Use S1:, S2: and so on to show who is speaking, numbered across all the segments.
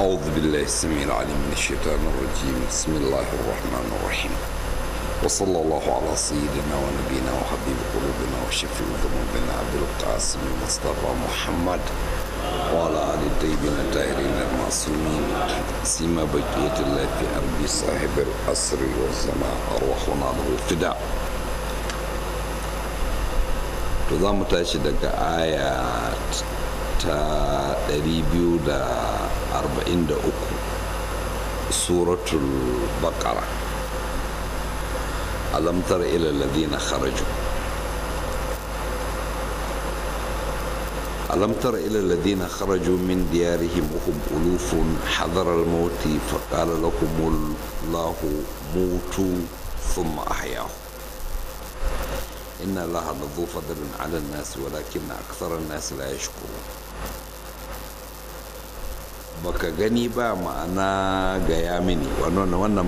S1: أعوذ بالله السميع العليم من الشيطان الرجيم بسم الله الرحمن الرحيم وصلى الله على سيدنا ونبينا وحبيب قلوبنا وشفيع ذنوبنا عبد القاسم المصطفى محمد وعلى آل الطيبين الطاهرين المعصومين سيما بقية الله في قلبي صاحب الأسر والزمان أرواحنا له الفداء To za mu تا 43 سورة البقرة ألم تر إلى الذين خرجوا ألم تر إلى الذين خرجوا من ديارهم وهم ألوف حذر الموت فقال لهم الله موتوا ثم أحياهم إن الله لذو فضل على الناس ولكن أكثر الناس لا يشكرون baka gani ba ma'ana gaya mini wannan wannan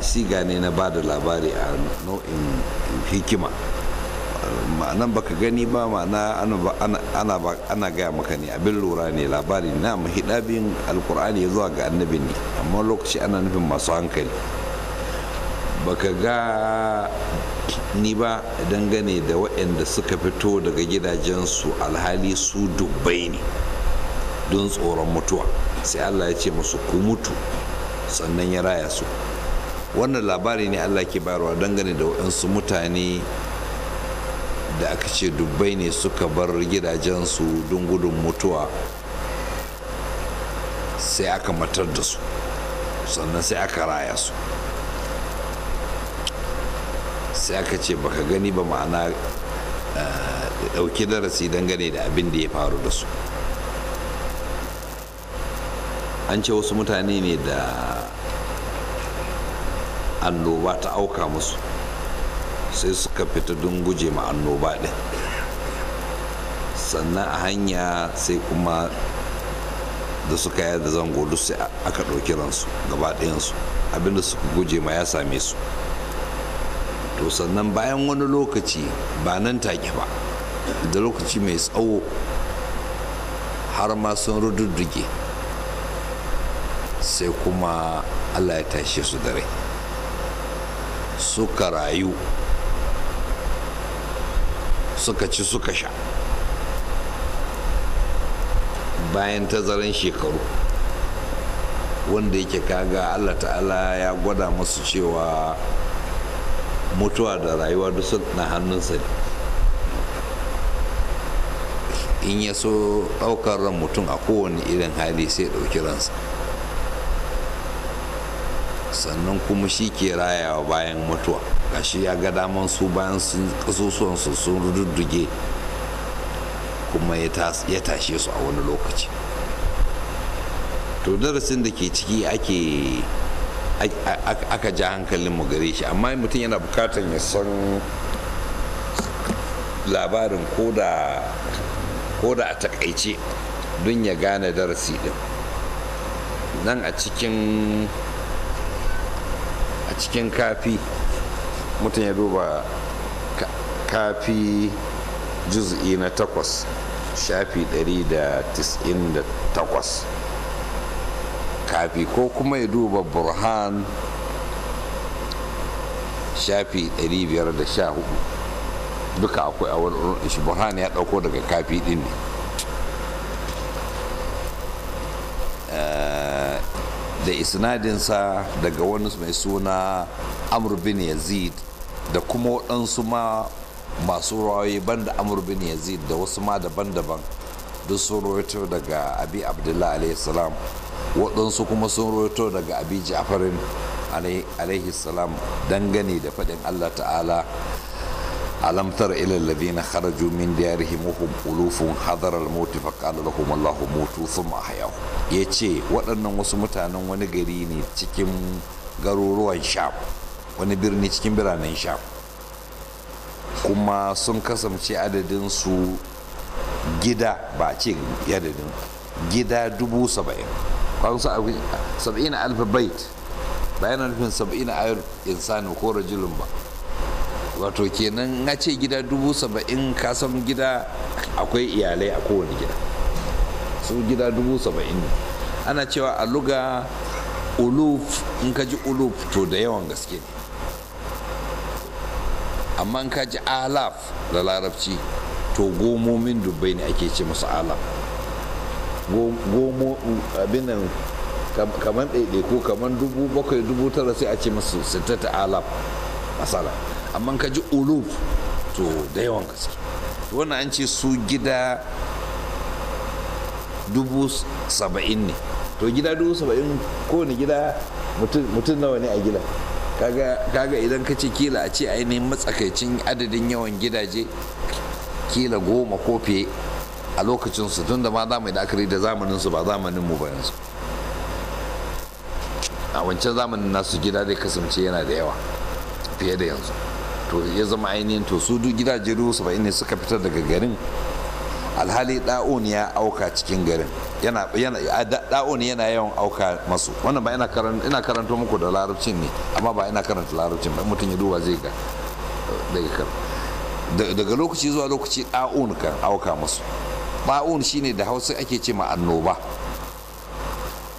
S1: siga ne na bada labari a nau'in hikima ma'anan baka gani ba ma'ana ana gaya maka ne abin lura ne labari na mahidabin alkur'ani ya zuwa ga annabi ne amma lokaci ana nufin masu hankali baka ga ni ba dangane da waɗanda suka fito daga gidajensu alhali su dubbai ne don tsoron mutuwa sai allah ya ce musu ku mutu sannan ya raya su wannan labari ne allah ke bayarwa dangane da waɗansu mutane da aka ce dubbai ne suka bar gidajensu don gudun mutuwa sai aka matar da su sannan sai aka raya su sai aka ce baka gani ba ma'ana eh, ɗauki darasi dangane da abin da ya faru da su an ce wasu mutane ne da annoba ta auka musu sai suka fita don guje ma annoba ɗin sannan a hanya sai kuma da suka yi da zango duk sai aka ɗauki ransu gaba ɗayansu abinda suka guje ma ya same su to sannan bayan wani lokaci ba nan take ba da lokaci mai tsawo har ma sun rududduge sai kuma allah ya tashe su dare rai suka rayu suka ci suka sha bayan tazaran shekaru wanda yake kaga allah ta'ala ya gwada masu cewa mutuwa da rayuwa duk na hannunsa ne in ya so ɗaukar ran mutum a kowane irin hali sai ɗauki ransa sannan kuma shi ke rayawa bayan mutuwa shi ya ga daman su bayan kasusuwansu sun rududduge kuma ya tashe su a wani lokaci to darasin da ke ciki ake aka ja hankalin mu gare shi amma mutum yana bukatar ya san labarin koda a takaice don ya gane darasi din nan a cikin cikin kafi mutum ya duba kafi juz'i na takwas shafi 198 kafi ko kuma ya duba burhan shafi 514 duka akwai a wani shi, burhan ya dauko daga kafi din ne da isnadinsa daga wani mai suna amr bin yazid da kuma waɗansu ma masu rawaye banda amr bin yazid da wasu ma daban-daban duk sun rawaito daga abi abdullahi alaihi salam waɗansu kuma sun rawaito daga abi ja'farin alaihi salam dangane da faɗin allah ta'ala ألم تر إلى الذين خرجوا من ديارهم وهم ألوف حضر الموت فقال لهم الله موتوا ثم أحياهم يتشي وأن وسمتان ونقريني تكم garuruwan sham wani birni cikin biranen sham kuma sun kasance adadinsu gida ba ce adadin gida dubu saba'in kwan su saba'in alfabait bayan nufin saba'in ayar insani ko rajulun ba wato kenan a ce gida dubu saba'in kasan gida akwai iyalai a kowane gida su gida dubu saba'in ne ana cewa a luga uluf in ka ji uluf to da yawan gaske ne amma in ka ji alaf da larabci to gomomin dubbai ne ake ce masu alaf gomo abinan kamar ko kamar dubu bakwai dubu tara sai a ce masu sitata alaf masala amma ka ji uluf to da yawan gaske wannan an ce su gida dubu saba'in ne to gida dubu saba'in kowane gida mutum nawa ne a gida kaga idan ka ce kila a ce ainihin matsakaicin adadin yawan gidaje kila goma ko fiye a lokacinsu tun da ma zamani da akari da zamaninsu ba zamanin mu ba yanzu a wancan zamanin nasu gida dai kasance yana da yawa fiye da yanzu to ya zama ainihin to su duk gidaje dubu saba'in ne suka fitar daga garin alhali da'un ya auka cikin garin yana da'un yana yawan auka masu wannan ba ina karanto muku da larabcin ne amma ba ina karanta larabcin ba mutum ya duba zai ga daga kar daga lokaci zuwa lokaci da'un kan auka masu da'un shine da hausa ake ce ma annoba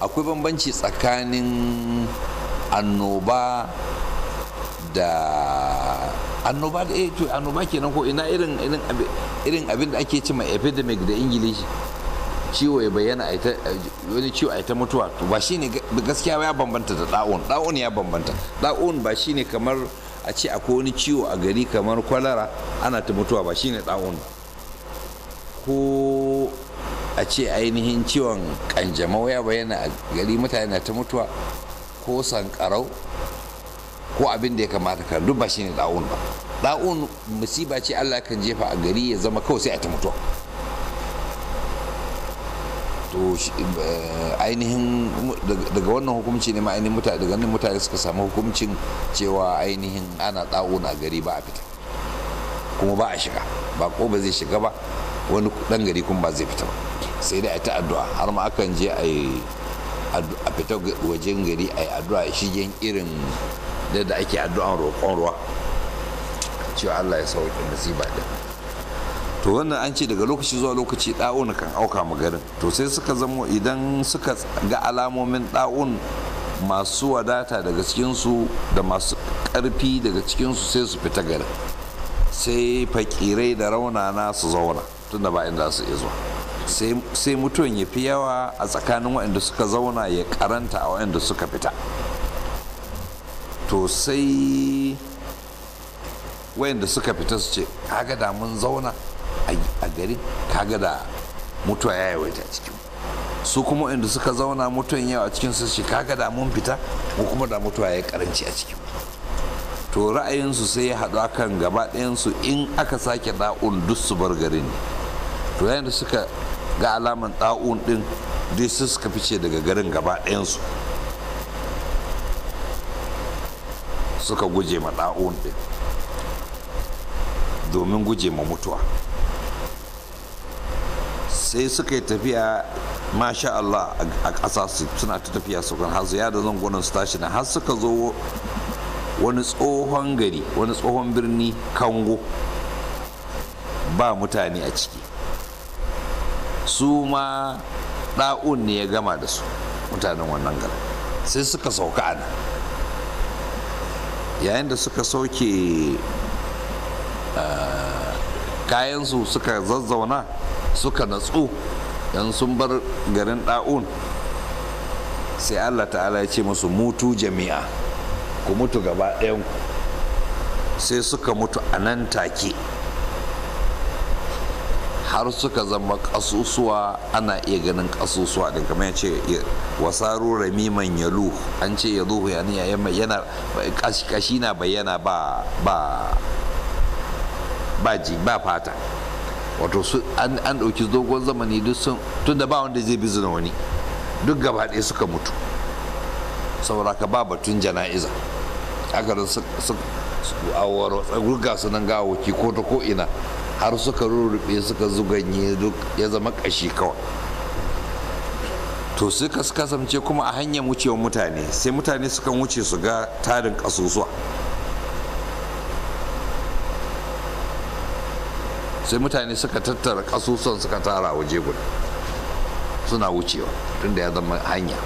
S1: akwai bambanci tsakanin annoba da annoba da eh to annoba kenan ko ina irin irin abin da ake cewa epidemic da ingilishi ciwo ya bayyana wani ciwo a ita mutuwa to ba shine gaskiya gaskiya ya bambanta da da'un da'un ya bambanta da'un ba shine kamar a ce akwai wani ciwo a gari kamar kwalara ana ta mutuwa ba shine ne da'un ko a ce ainihin ciwon kanjamau ya bayyana a gari mutane na ta mutuwa ko sankarau ko abin da ya kamata ka duk ba ne da'un ba da'un musiba ce Allah kan jefa a gari ya zama kawai sai a ta mutuwa to eh, ainihin daga wannan hukumci ne ma mutane daga wannan mutane suka samu hukumcin cewa ainihin ana a gari ba a fita kuma ba a shiga ba ko ba zai shiga ba wani dan gari kuma ba zai fita ba sai dai a ta addu'a har ma akan je a fita wajen gari a yi addu'a shigen irin da yadda ake addu'an roƙon ruwa cewa Allah ya sauke nasiba. da to wannan an ce daga lokaci zuwa lokaci ɗa'un kan auka mu garin to sai suka zamo idan suka ga alamomin ɗa'un masu wadata daga cikinsu da masu ƙarfi daga cikinsu sai su fita garin sai fakirai da raunana su zauna tun da ba inda su iya zuwa sai mutuwan ya fi yawa a tsakanin waɗanda suka zauna ya karanta a waɗanda suka fita to sai wayanda suka fita su ce kaga da mun zauna a gari kaga da mutuwa ya yawaita cikin su kuma inda suka zauna mutuwan yawa a cikin su ce kaga da mun fita ko kuma da mutuwa ya karanci a cikin to ra'ayinsu sai ya haɗu akan gaba ɗayansu in aka sake da'un duk su bar gari ne to yayin da suka ga alaman da'un ɗin dai su suka fice daga garin gaba ɗayansu suka guje ma ɗa'un ɗin domin guje ma mutuwa sai suka yi tafiya masha Allah a ƙasa suna ta tafiya su kan hasu yada da zangonan su tashi na har suka zo wani tsohon gari wani tsohon birni kango ba mutane a ciki su ma ɗa'un ne ya gama da su mutanen wannan gara sai suka sauka a nan yayin da suka soke eh, kayansu suka zazzauna suka natsu yan sun bar garin da'un sai allah ta'ala ya ce musu mutu jami'a ku mutu gaba ɗayan sai suka mutu a nan take har suka zama kasusuwa ana iya ganin kasusuwa din kamar ya ce wasaru ramiman yalu an ce ya zuhu yana kashi na bayyana ba ba ba ji ba fata wato su an ɗauki dogon zamani duk sun da ba wanda zai bi zina wani duk gaba ɗaya suka mutu saboda ka ba batun jana'iza aka su a wurga gurga su nan gawo ki ko ta ko ina har suka rurrufe suka zuganye duk ya zama kashi kawai to suka kasance kuma a hanyar wucewa mutane sai mutane sukan wuce su ga tarin kasusuwa sai mutane suka tattara kasusuwan suka tara waje guda suna wucewa tunda ya zama hanya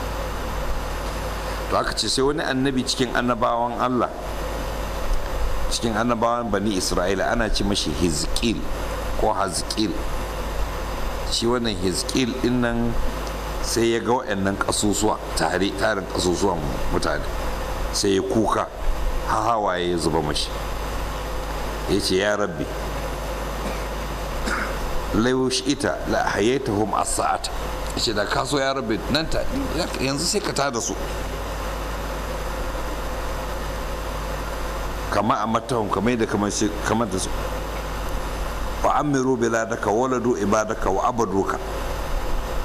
S1: to aka ce sai wani annabi cikin annabawan allah cikin annabawan bani isra'ila ana ce mashi hizkil ko hazkil shi wannan hizkil dinnan sai ya ga wa'annan ƙasusuwa tare tarin ƙasusuwan mutane sai ya kuka hawaye ya zuba mashi ya ce ya rabbi laiwush ita la hum as-sa'ata ce da kaso ya rabbi nan ta yanzu sai ka tada su kama a matahun kamar da kamar da su wa amiru biladaka waladu ibadaka wa abaduka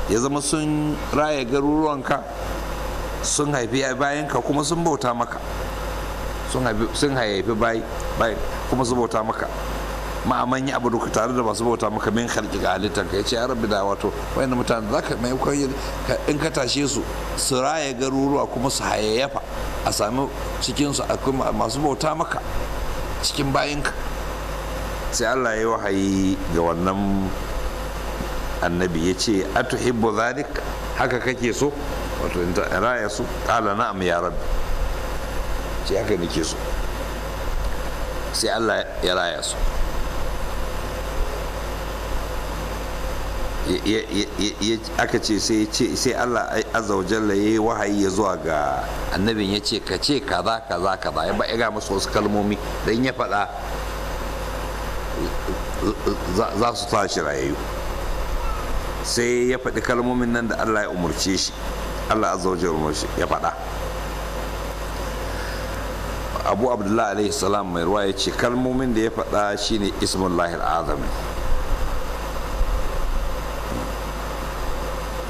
S1: ya zama sun raya garuruwanka sun haifi bayanka kuma sun bauta maka sun haifi bayi kuma sun bauta maka ma'aman yi abu duka tare da masu bauta maka min halki ga halittar ka ya ce ya rabbi da wato wayan mutane za ka mai in ka tashe su su raya garuruwa kuma su hayayyafa a sami cikinsu akwai masu bauta maka cikin bayanka sai allah ya wahayi ga wannan annabi ya ce atuhibbu zalik haka kake so wato in raya su kala na'am ya rabbi ce haka nake so sai allah ya raya su aka ce sai ce sai Allah azza wa jalla yayi wahayi ya zuwa ga annabin ya ce ka ce kaza kaza kaza ya ba ya ga musu wasu kalmomi dan ya faɗa za su tashi rayayyu sai ya faɗi kalmomin nan da Allah ya umarce shi Allah azza wa jalla ya faɗa abu abdullahi alaihi salam mai ruwa ya ce kalmomin da ya faɗa shine ismullahi al'azami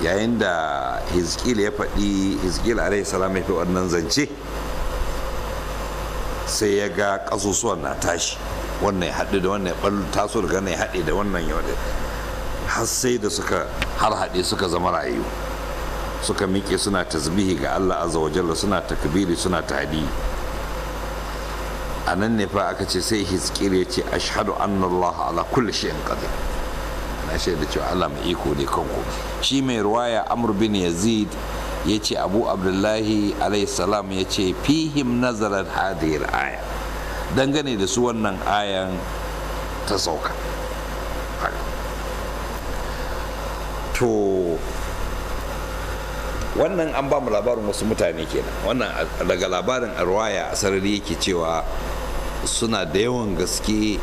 S1: yayin da hizkil ya faɗi hizkil alaihi salam ya fi wannan zance sai ya ga ƙasusuwan na tashi wannan ya da wannan ya ɓallu taso daga ya haɗe da wannan ya waɗe har sai da suka har haɗe suka zama rayu suka miƙe suna tasbihi ga Allah azza wa jalla suna takbiri suna tahdi a nan ne fa aka ce sai hizkir ya ce ashhadu anna Allah ala kulli shay'in qadir na shaida cewa Allah mai iko ne kanku shi mai ruwaya Amr bin Yazid ya ce Abu Abdullahi alayhi salam ya ce fihim nazarar hadiyar aya dangane da su wannan ayan ta sauka to wannan an ba mu labarin wasu mutane kenan wannan daga labarin arwaya a sarari yake cewa suna da yawan gaske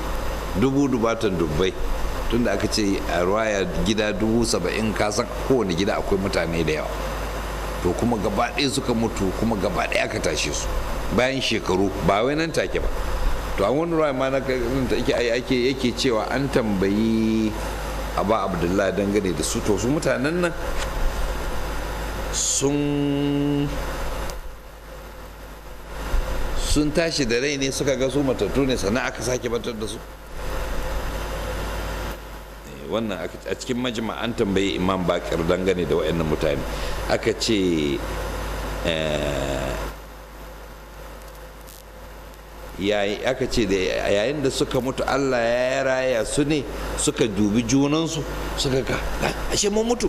S1: dubu dubatan dubbai tunda aka ce a ruwaya gida dubu saba'in kasan kowane gida akwai mutane da yawa to kuma gaba ɗaya suka mutu kuma gaba ɗaya aka tashe su bayan shekaru ba wai nan take ba to an wani ruwaya ma na ake yake cewa an tambayi abba abdullahi dangane da su to su mutanen nan sun sun tashi da rai ne suka ga su matattu ne sannan aka sake batar da su wannan a cikin majima an tambayi imam bakir dangane da wayannan mutane aka ce eh, aka ce da yayin da suka mutu Allah ya raya su ne suka dubi junansu suka ga ashe mun mutu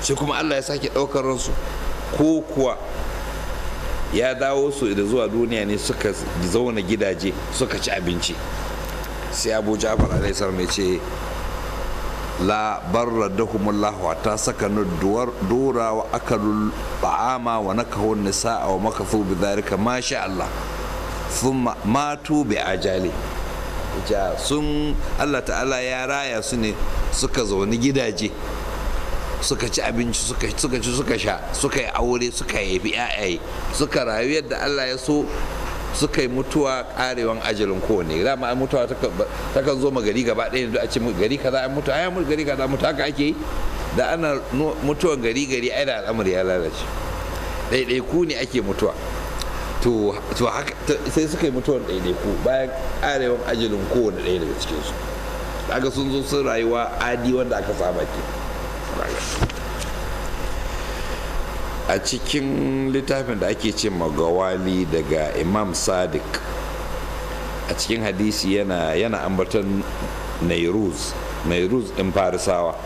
S1: sai kuma Allah ya sake ɗaukar ransu ko kuwa ya dawo su da zuwa duniya ne suka zauna gidaje suka ci abinci sai abu jafar alaihissalam ya ce la ta saka na dora wa aka ba'ama wa na nisa a wa maka bidhalika ma sha Allah sun matu bi ajali ja sun Allah ta'ala ya raya su ne suka zauni gidaje suka ci abinci suka ci suka sha suka yi aure suka yi yayaye suka rayu yadda Allah ya so suka yi mutuwa karewan ajalin kowane za ma mutuwa kan zo ma gari gaba ɗaya da a ce gari kaza an mutu ai gari kaza mutu haka ake yi da ana mutuwan gari gari ai da al'amur ya lalace ɗaiɗaiku ne ake mutuwa to sai suka yi mutuwan ɗaiɗaiku bayan karewan ajalin kowane ɗaya daga cikinsu daga sun zo sun rayuwa adi wanda aka saba ke a cikin littafin da ake ce magawali daga imam sadiq a cikin hadisi yana yana ambatan nairuz nairuz in farisawa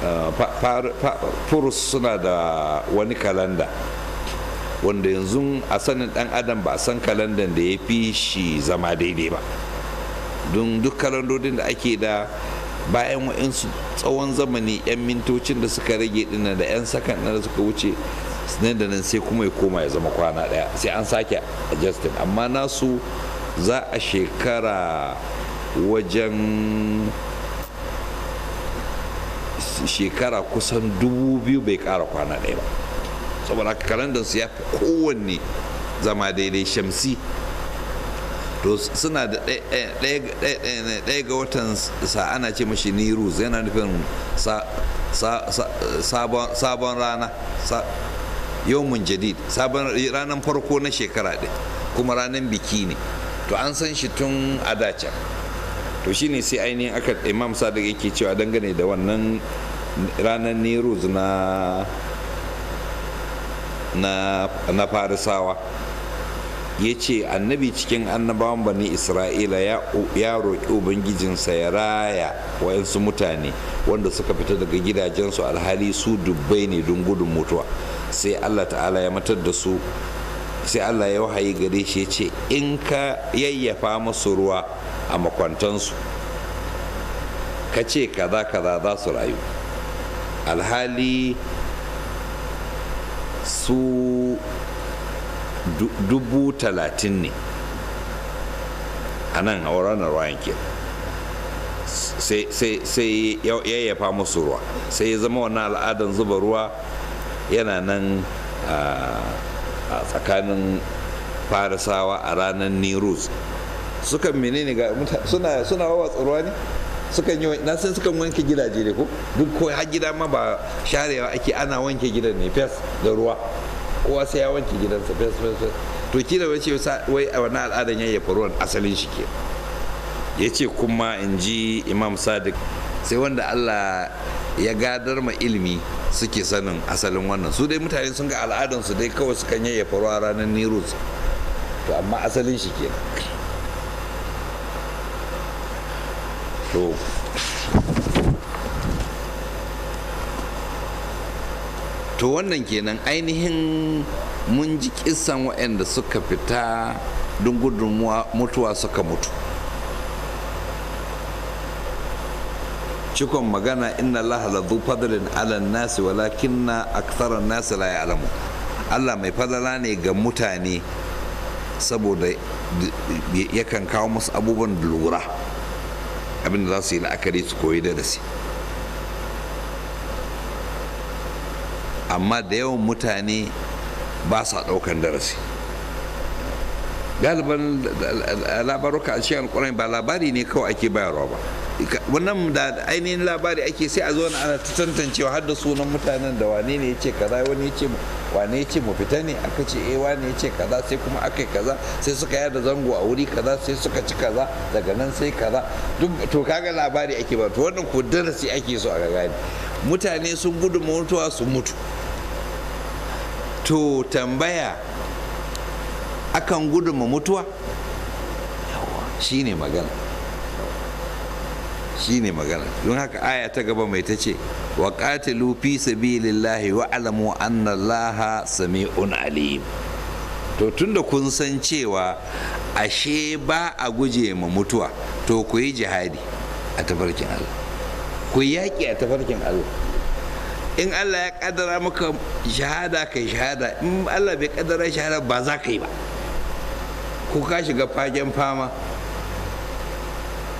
S1: uh, furus suna da wani kalanda wanda yanzu a sanin dan adam ba a san kalandan da ya fi shi zama daidai ba don duk kalandodin da ake da bayan wa'insu tsawon zamani 'yan mintocin da suka rage dinnan da 'yan sakan da suka wuce nan da nan sai kuma ya koma ya zama kwana daya sai an sake adjusting amma nasu za a shekara wajen shekara kusan dubu biyu bai kara kwana daya ba saboda haka kalandar su ya fi kowanne zama daidai shamsi to suna da ɗaya ga watan sa ana ce mashi nirus yana nufin sabon rana yawmun jadid sabon ranar farko na shekara ɗin kuma ranar biki ne to an san shi tun a dace to shine sai ainihin aka imam sadiq yake cewa dangane da wannan ranar neruz na na farisawa ya ce annabi cikin annabawan bani isra'ila ya roƙi ubangijinsa ya raya wayansu mutane wanda suka fita daga gidajensu alhali su dubbai ne don gudun mutuwa sai Allah ta'ala ya matar da su sai Allah ya wahayi gare shi ya ce in ka yayyafa musu ruwa a makwantansu ka ce kaza kaza za su rayu alhali su dubu talatin ne a nan ranar ruwa ke sai ya yayyafa musu ruwa sai ya zama wani al'adan zuba ruwa yana nan a tsakanin farisawa a ranar nirus sukan menene ga suna suna wawa tsaruwa ne sukan yi na san sukan wanke gidaje ne ko duk ko har gida ma ba sharewa ake ana wanke gidan ne fes da ruwa kowa sai ya wanke gidansa fes fes fes to kila wai ce wai a wani al'adan yayyafa ruwan asalin shi ke ya ce kuma in ji imam sadiq sai wanda Allah ya gadar ma ilimi suke sanin asalin wannan su dai mutane sun ga al'adansu dai kawai su kan yayyafa a ranar nirus to amma asalin shi kenan to to wannan kenan ainihin mun ji kisan waɗanda suka fita don mutuwa suka mutu cikon magana inna Allah la zu fadlin ala nasi walakinna aktharan nasi la ya'lamu Allah mai fadala ne ga mutane saboda yakan kawo musu abubuwan lura abin da za su yi la'akari su koyi darasi amma da yawan mutane ba sa ɗaukan darasi galiban labaruka a cikin alkurai ba labari ne kawai ake bayarwa ba wannan da ainihin labari ake sai a zo na ana ta tantancewa har da sunan mutanen da wane ne ya ce kaza wani ya ce wane ya ce mu fita ne aka ce eh wane ya ce kaza sai kuma aka yi kaza sai suka yada zango a wuri kaza sai suka ci kaza daga nan sai kaza duk to kaga labari ake ba to wannan ko darasi ake so a gane mutane sun gudu mutuwa su mutu to tambaya akan gudu mutuwa shine magana Shi ne magana don haka aya ta gaba mai ta ce wa qatilu fi sabilillahi wa alamu anna allaha sami'un alim to tunda kun san cewa ashe ba a guje ma mutuwa to ku yi jihadi a tafarkin Allah ku yaƙi a tafarkin Allah in Allah ya kaddara maka shahada kai shahada in Allah bai kaddara shahada ba za ka yi ba ku ka shiga fagen fama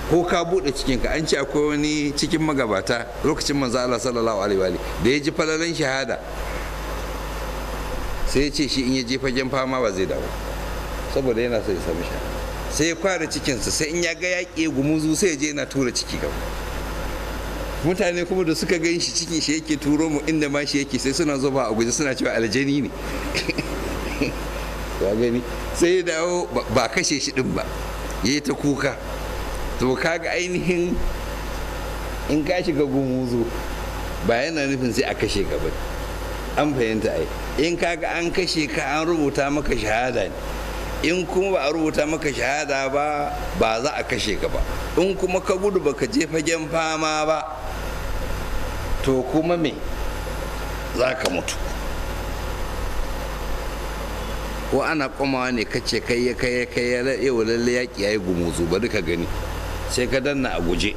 S1: ko ka cikin cikinka an ce akwai wani cikin magabata lokacin manzo Allah sallallahu alaihi wa da ya ji falalan shahada sai ya ce shi in ya je fagen fama ba zai dawo saboda yana so ya samu shahada sai ya kwara cikinsa sai in ya ga yaƙi gumuzu sai ya je yana tura ciki ga mutane kuma da suka gan shi cikin shi yake turo mu inda ma shi yake sai suna zuba a guje suna cewa aljani ne ya gani sai ya dawo ba kashe shi din ba ya yi ta kuka to kaga ainihin in ka shiga gumuzu ba yana nufin sai a kashe ka ba an fahimta ai in kaga an kashe ka an rubuta maka shahada ne in kuma ba a rubuta maka shahada ba ba za a kashe ka ba in kuma ka gudu baka je fagen fama ba to kuma me za ka mutu ko ana komawa ne kace kai ya kai ya kai ya lalle yaƙi ya yi gumuzu bari ka gani sai ka danna a guje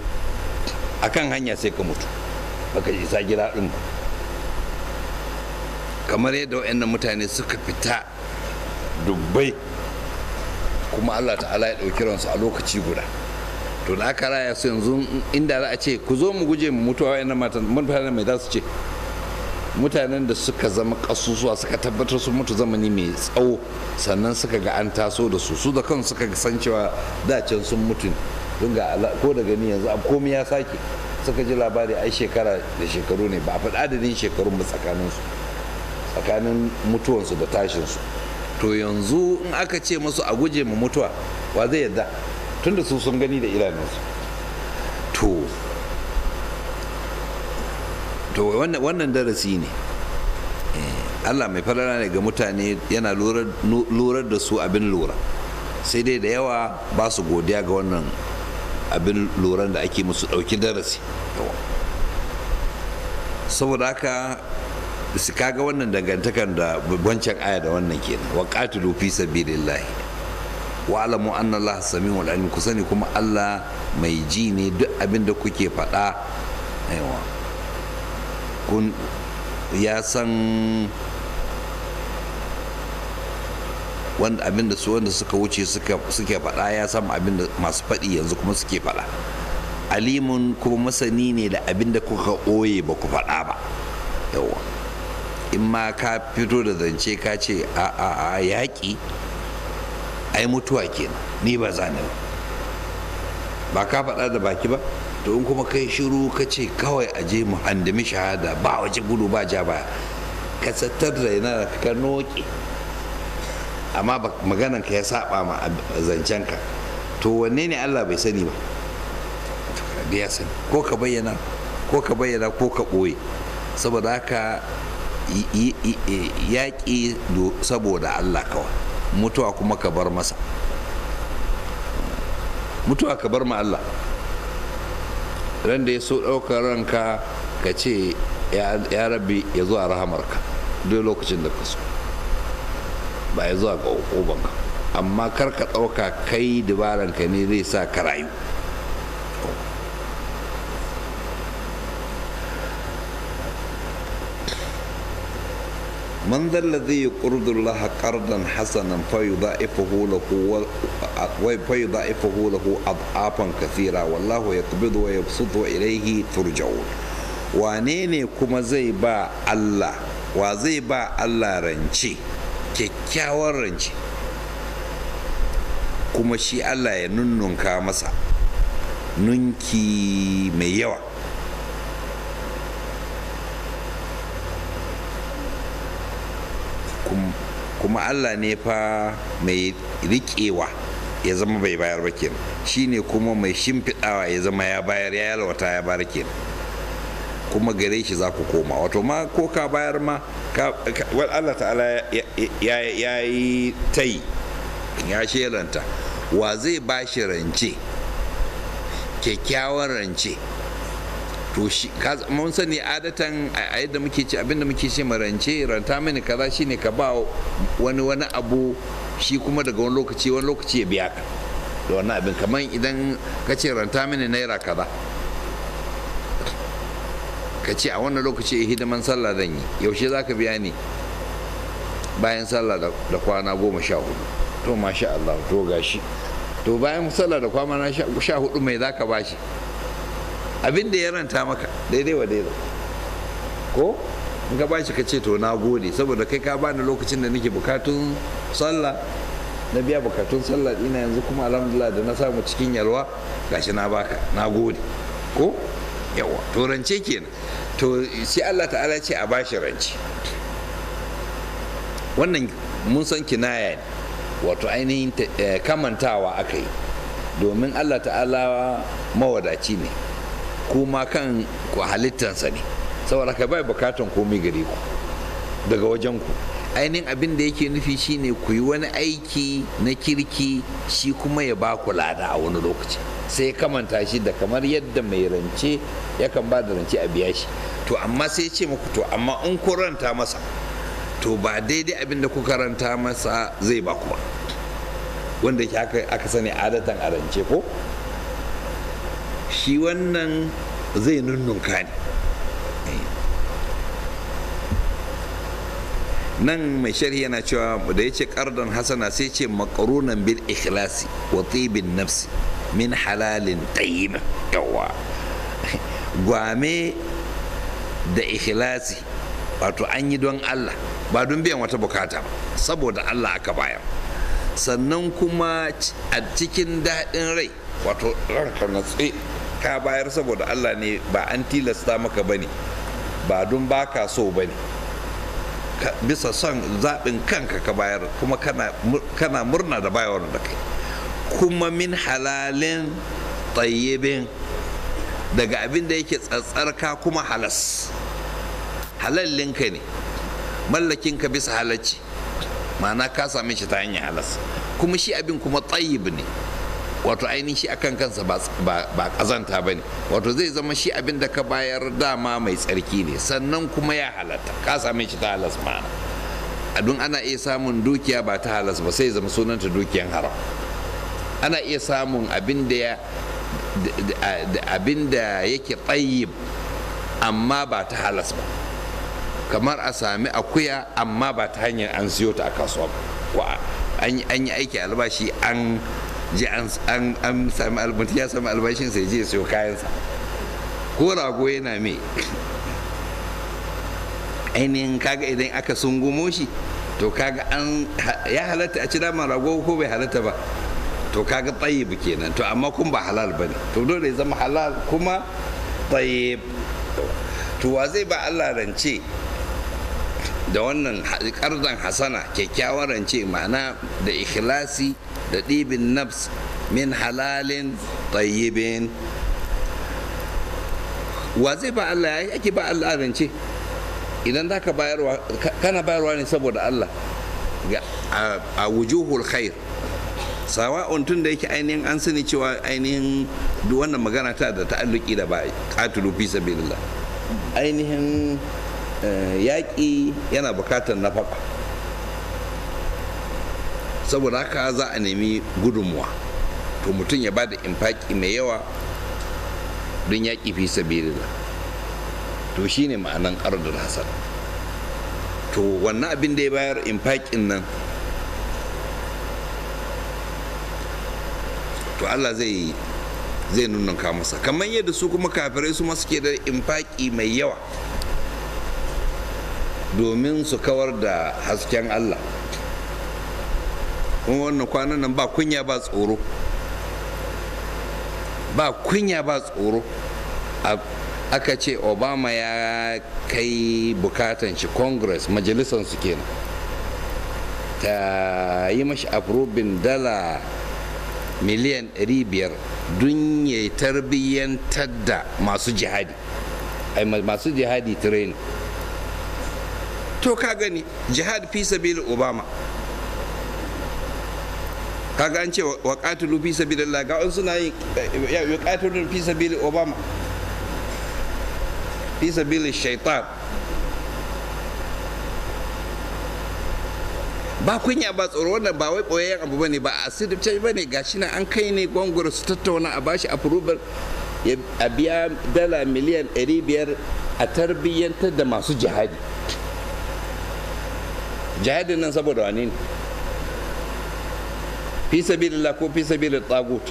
S1: a kan hanya sai ka mutu baka isa gida ɗin kamar yadda waɗannan mutane suka fita dubbai kuma allah ta'ala ya ɗauki ransu a lokaci guda to da aka raya su yanzu inda za a ce ku zo mu guje mu mutuwa waɗannan matan mutanen mai za su ce mutanen da suka zama kasusuwa suka tabbatar su mutu zamani mai tsawo sannan suka ga an taso da su su da kansu suka san cewa dacen sun mutu dinga ga ko da gani yanzu a komai ya sake suka ji labari ai shekara da shekaru ne ba a faɗi adadin shekarun ba tsakaninsu tsakanin mutuwansu da tashinsu to yanzu in aka ce masu a guje mu mutuwa wa zai yadda tunda su sun gani da idanunsu to to wannan darasi ne eh, Allah mai falala ne ga mutane yana lurar da su abin lura sai dai da yawa ba su godiya ga wannan abin loran da ake musu dauki darasi saboda haka su kaga wannan dangantakan da wancan aya da wannan kenan wa qatilu fi sabilillahi wa alamu anna Allah alim ku sani kuma Allah mai ji ne duk abin da kuke faɗa aiwa ya san wanda abin da su wanda suka wuce suke faɗa ya san abin da masu faɗi yanzu kuma suke faɗa alimun kuma masani ne da abin da kuka ɓoye ba ku faɗa ba yawa in ma ka fito da zance ka ce a a a yaƙi ai mutuwa kenan ni ba zane ba ba ka faɗa da baki ba to in kuma kai shiru ka ce kawai a je mu handami shahada ba waje gudu ba ja baya ka tattar da yana ka noƙe. amma maganan ka ya saba ma zancen ka to wanne ne Allah bai sani ba ya sani ko ka bayyana ko ka bayyana ko ka ɓoye saboda haka yaƙi saboda Allah kawai mutuwa kuma ka bar masa mutuwa ka bar ma Allah ran da ya so ɗaukar ranka ka ce ya rabi ya zuwa rahamarka duk lokacin da ka so ba ya zuwa ga ƙoƙoban ka amma kar ka ɗauka kai dabaran ka ne zai sa ka rayu man zalla zai yi ƙurdun laha ƙardan hasanan fayu za a ifa hula ko a afan kafira wallahu ya kubi zuwa ya su zuwa ilaihi turjau wane ne kuma zai ba allah wa zai ba allah rance kyakkyawar rance kuma shi allah ya nunnunka masa nunki mai yawa kuma allah ne fa mai riƙewa ya zama bai bayar ba kenan ne kuma mai shimfiɗawa ya zama ya bayar ya yalwata ya bayar kuma gare shi za ku koma wato ma ko ka bayar ma wal Allah ta'ala ya yi tai ya sheranta wa zai ba shi rance kyakkyawan rance to shi mun sani adatan a yadda muke ci abinda muke ce rance ranta mini kaza shine ka ba wani wani abu shi kuma daga wani lokaci wani lokaci ya biya ka da wannan abin kamar idan ka ce ranta mini naira kaza ka ce a wannan lokaci hidiman sallah zan yi yaushe za ka biya ni bayan sallah da kwana goma sha hudu to masha Allah to gashi to bayan sallah da kwana sha hudu mai za ka bashi abin da ya ranta maka daidai wa daidai ko in ka bashi ka ce to na gode saboda kai ka bani lokacin da nake bukatun sallah na biya bukatun sallah ina yanzu kuma alhamdulillah da na samu cikin yalwa gashi na baka na gode ko yawa to rance kenan to shi Allah ta'ala ce a bashi rance wannan mun san kinaya ne wato ainihin eh, kamantawa aka yi domin Allah ta'ala mawadaci ne kuma kan halittansa ne saboda ka bai bukatan komai gare ku daga wajen ku ainihin abin da yake nufi shine ku yi wani aiki na kirki shi kuma ya ba ku lada a wani lokaci sai ya kamanta shi da kamar yadda mai rance yakan ba da rance a biya shi to amma sai ce muku to amma in ku ranta masa to ba daidai abin da kuka ranta masa zai ba ku ba wanda aka, aka sani adatan a rance ko shi wannan zai nunnunka ne nan mai sharhi yana cewa da ya ce ƙardon hasana sai ce makarunan bil ikhlasi wa tibin nafsi min halalin tayyib yawa gwame da ikhlasi wato an yi don Allah ba don biyan wata bukata saboda Allah aka baya sannan kuma a cikin daɗin rai wato ranka tsaye ka bayar saboda Allah ne ba an tilasta maka bane ba don baka so bane bisa son zaɓin kanka ka bayar kuma kana murna da bayar da kai kuma min halalin tsayyabin daga abin da yake tsatsarka kuma halas halallinka ne mallakinka bisa halacci ma'ana ka same shi ta hanyar halas kuma shi abin kuma tsayyib ne wato ainihi shi akan kansa ba kazanta ba ne wato zai zama shi abin da ka bayar dama mai tsarki ne sannan kuma ya halatta ka same shi ta halas ma'ana adun ana iya samun dukiya ba ta halas ba sai zama sunanta dukiyan haram ana iya samun abin da yake tsayib amma ba ta halas ba kamar a sami akuya amma ba ta hanyar an siyo ta a kasuwa ba an yi aiki albashi an ji an sami albunti ya sami albashin sai je siyo kayansa ko rago yana me ainihin kaga idan aka sungumo shi to kaga an ya halatta a ci naman rago ko bai halatta ba to kaga tsayib kenan to amma kun ba halal bane to dole ya zama halal kuma tsayib to wa zai ba Allah rance da wannan kardan hasana kyakkyawan rance ma'ana da ikhlasi da ɗibin nafs min halalin tayyibin wa zai ba Allah ya ake ba Allah zance idan za ka bayarwa kana bayarwa ne saboda Allah a wujuhul khair sawa'un tun da yake ainihin an sani cewa ainihin duk wannan magana ta da ta'alluki da ba qatilu fi sabilillah ainihin yaƙi yana bukatar nafaka saboda haka za a nemi gudunmuwa to mutum ya ba da infaki mai yawa don yaƙi fi sabilillah to shine ma'anan ardul hasar to wannan abin da ya bayar infakin nan to Allah zai zai nunanka masa kamar yadda su kuma kafirai su masu ke da infaki mai yawa domin su kawar da hasken Allah kuma wannan kwanan nan ba kunya ba tsoro ba kunya ba tsoro aka ce obama ya kai bukatan shi congress majalisar su kenan ta yi mashi afrobin dala miliyan 500 don ya tarbiyyantar da masu jihadi ai masu jihadi training to ka gani jihad fi sabil obama kaga an ce wa qatilu fi sabilillah ga an suna yi wa eh, qatilu fi sabili obama fi sabili shaitan ba kunya ba tsoro wannan ba wai boyayyen abu bane ba a ce bane gashi na an kai ne gwangwar su tattauna a bashi approval a biya dala miliyan 500 a tarbiyyantar da masu jihadi jihadin nan saboda wani ne fi la ko fi sabili tagut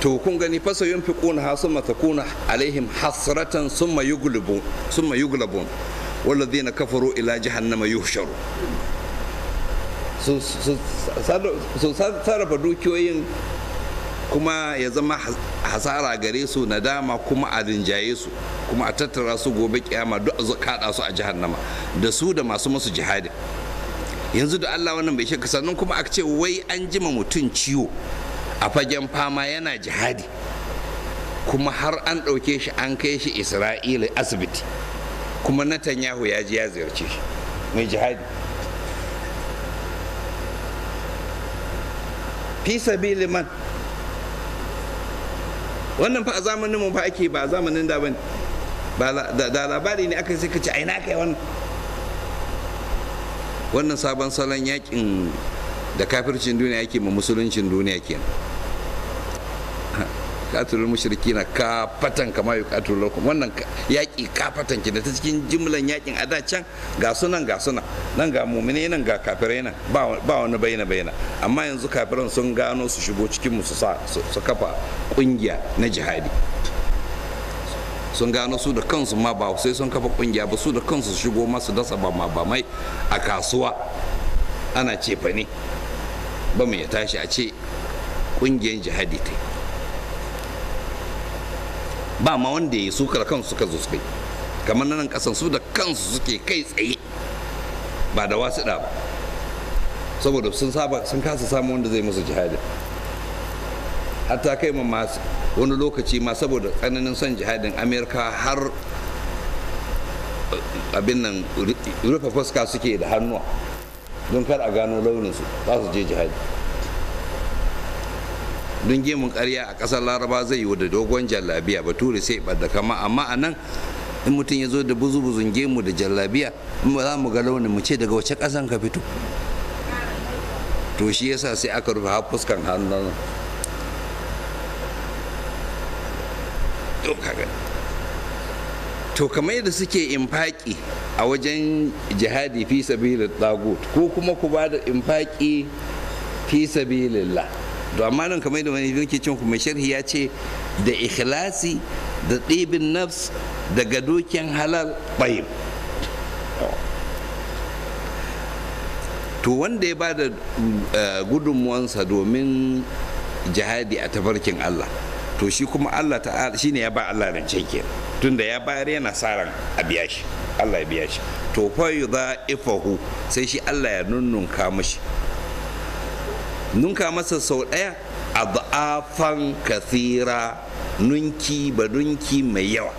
S1: to kun gani fasa fi kuna hasuma ta kuna alaihim hasratan sun mayuglabun wallazi na kafaro ila jahannama yuhsharu su sarrafa dukiyoyin kuma ya zama hasara gare su nadama kuma a rinjaye su kuma a tattara su gobe kiyama duk a kada su a jahannama da su da masu masu jihadin yanzu da Allah wannan bai shaka sannan kuma a ce wai an jima mutum ciwo a fagen fama yana jihadi kuma har an ɗauke shi an kai shi isra'ila asibiti kuma Netanyahu ya ji ya ziyarce shi mai jihadi fi man wannan fa a zamanin mu fa ake ba a zamanin da bane ba da labari ne aka sai ka ce aina kai wannan wannan sabon salon yakin da kafircin duniya yake ma musuluncin duniya ke katulul mushriki na kafatan kama yi katulul kuma wannan yaƙi kafatan ki da ta cikin jimlan yaƙin a can ga sunan ga sunan nan ga mumine nan ga kafirai nan ba wani bayyana bayyana amma yanzu kafiran sun gano su shigo cikin su kafa ƙungiya na jihadi sun gano su da kansu ma ba sai sun kafa kungiya ba su da kansu su shigo masu dasa ba ma ba mai a kasuwa ana ce fa ne ba mai ya tashi a ce kungiyar jihadi ta ba ma wanda ya sukar kansu suka zo suka yi kamar nan kasan su da kansu suke kai tsaye ba da wasu ba saboda sun kasa samu wanda zai musu jihadin har ta kai ma wani lokaci ma saboda tsananin son jihadin amerika har eh, abin nan rufe fuska suke da hannuwa don kar a gano launinsu za su je jihadi don gemun karya a ƙasar laraba zai yi da dogon jallabiya bature sai ɓadda kama amma a nan in mutum ya zo da buzu-buzun gemu da jallabiya in ba za mu ga launin mu ce daga wace ƙasan ka fito to shi yasa sai aka rufe fuskan hannun to kamar yadda suke infaki a wajen jihadi fi sabilin tagut ko kuma ku ba da infaki fi la to amma nan kamar yadda wani yake cin kuma sharhi ya ce da ikhlasi da ɗibin nafs daga dokin halal bayim to wanda ya ba da eh, gudunmuwansa domin jihadi a tafarkin allah to shi kuma Allah shi shine ya ba Allah da rance tun tunda ya bayar yana saran a biya shi Allah ya biya shi to fa ifahu sai shi Allah ya nunnunka mashi nunka masa sau daya adafan kathira nunki ba nunki mai yawa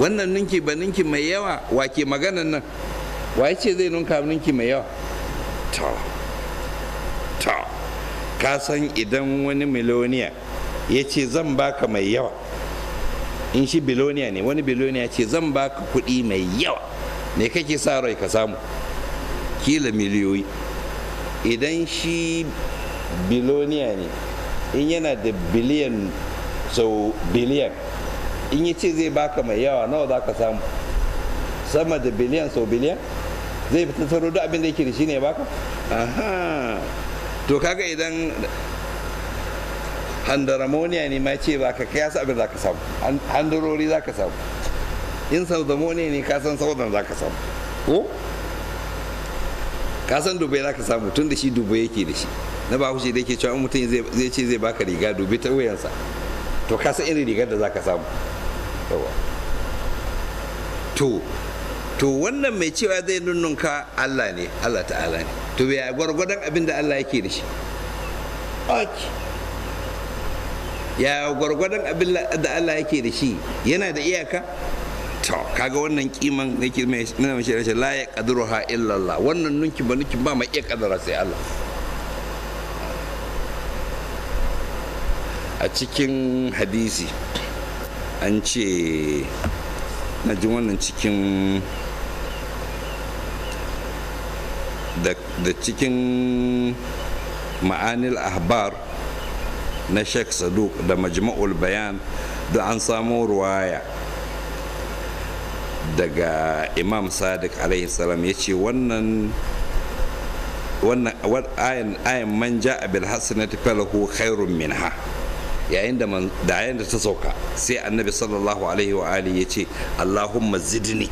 S1: wannan nunki ba nunki mai yawa wa ke maganan nan wa ya ce zai nunka nunki mai yawa ka san idan wani miloniya ya ce zan baka mai yawa in shi biloniya ne wani biloniya ce zan baka kuɗi mai yawa ne kake sa rai ka samu kila miliyoyi idan shi biloniya ne in yana da biliyan sau biliyan in ya ce zai baka mai yawa nawa za ka samu sama da biliyan sau biliyan zai fitattaro duk abin da yake da shi ne baka aha to kaga idan handaramoniya ne ma ce ba ka kai abin za ka samu handarori za ka samu in saudamoniya ne ka san saudan za ka samu ko ka san dubai za ka samu tun da shi dubai yake da shi na ba da yake cewa mutum zai ce zai baka riga dubi ta wuyansa to ka san irin rigar da za ka samu yawa to to wannan mai cewa zai nunnunka Allah ne Allah ta'ala ne to ya gwargwadon abin da Allah yake da shi ya gwargwadon abin da Allah yake da shi yana da iyaka to kaga wannan kiman yake mai nuna mashi rashin la ya qadruha ha' illallah, wannan nunki ba nunki ba mai iya kadara sai Allah a cikin hadisi an ce na ji wannan cikin da cikin ma'anil ahbar na sheikh saduk da majma'ul bayan da an samo ruwaya daga imam sadiq alaihi salam ya ce wannan ayan ayan manja abil hasanati falahu khairun minha yayin da da ta sauka sai annabi sallallahu alaihi wa alihi yace allahumma zidni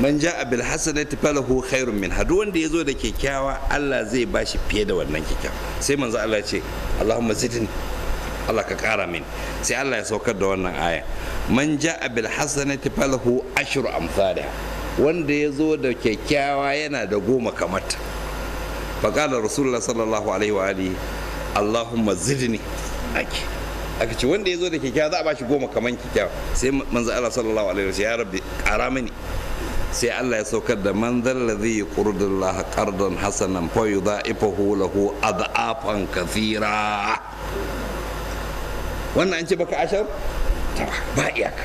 S1: man ja abil hasanati falahu khairun min hadu wanda ya zo da kyakkyawa Allah zai bashi fiye da wannan kyakkyawa sai manzo Allah ya ce Allahumma zidni Allah ka kara min sai Allah ya saukar da wannan aya man ja abil hasanati falahu ashru amsalih wanda ya zo da kyakkyawa yana da goma kamar fa faqala rasulullah sallallahu alaihi wa alihi Allahumma zidni ake aka ce wanda ya zo da kyakkyawa za a bashi goma kaman kyakkyawa sai manzo Allah sallallahu alaihi wa sallam ya rabbi kara mini sai Allah ya saukar da man zalladhi yuqridullaha qardan hasanan fa yudha'ifahu lahu ad'afan kathira wannan an ce baka ashar ba iyaka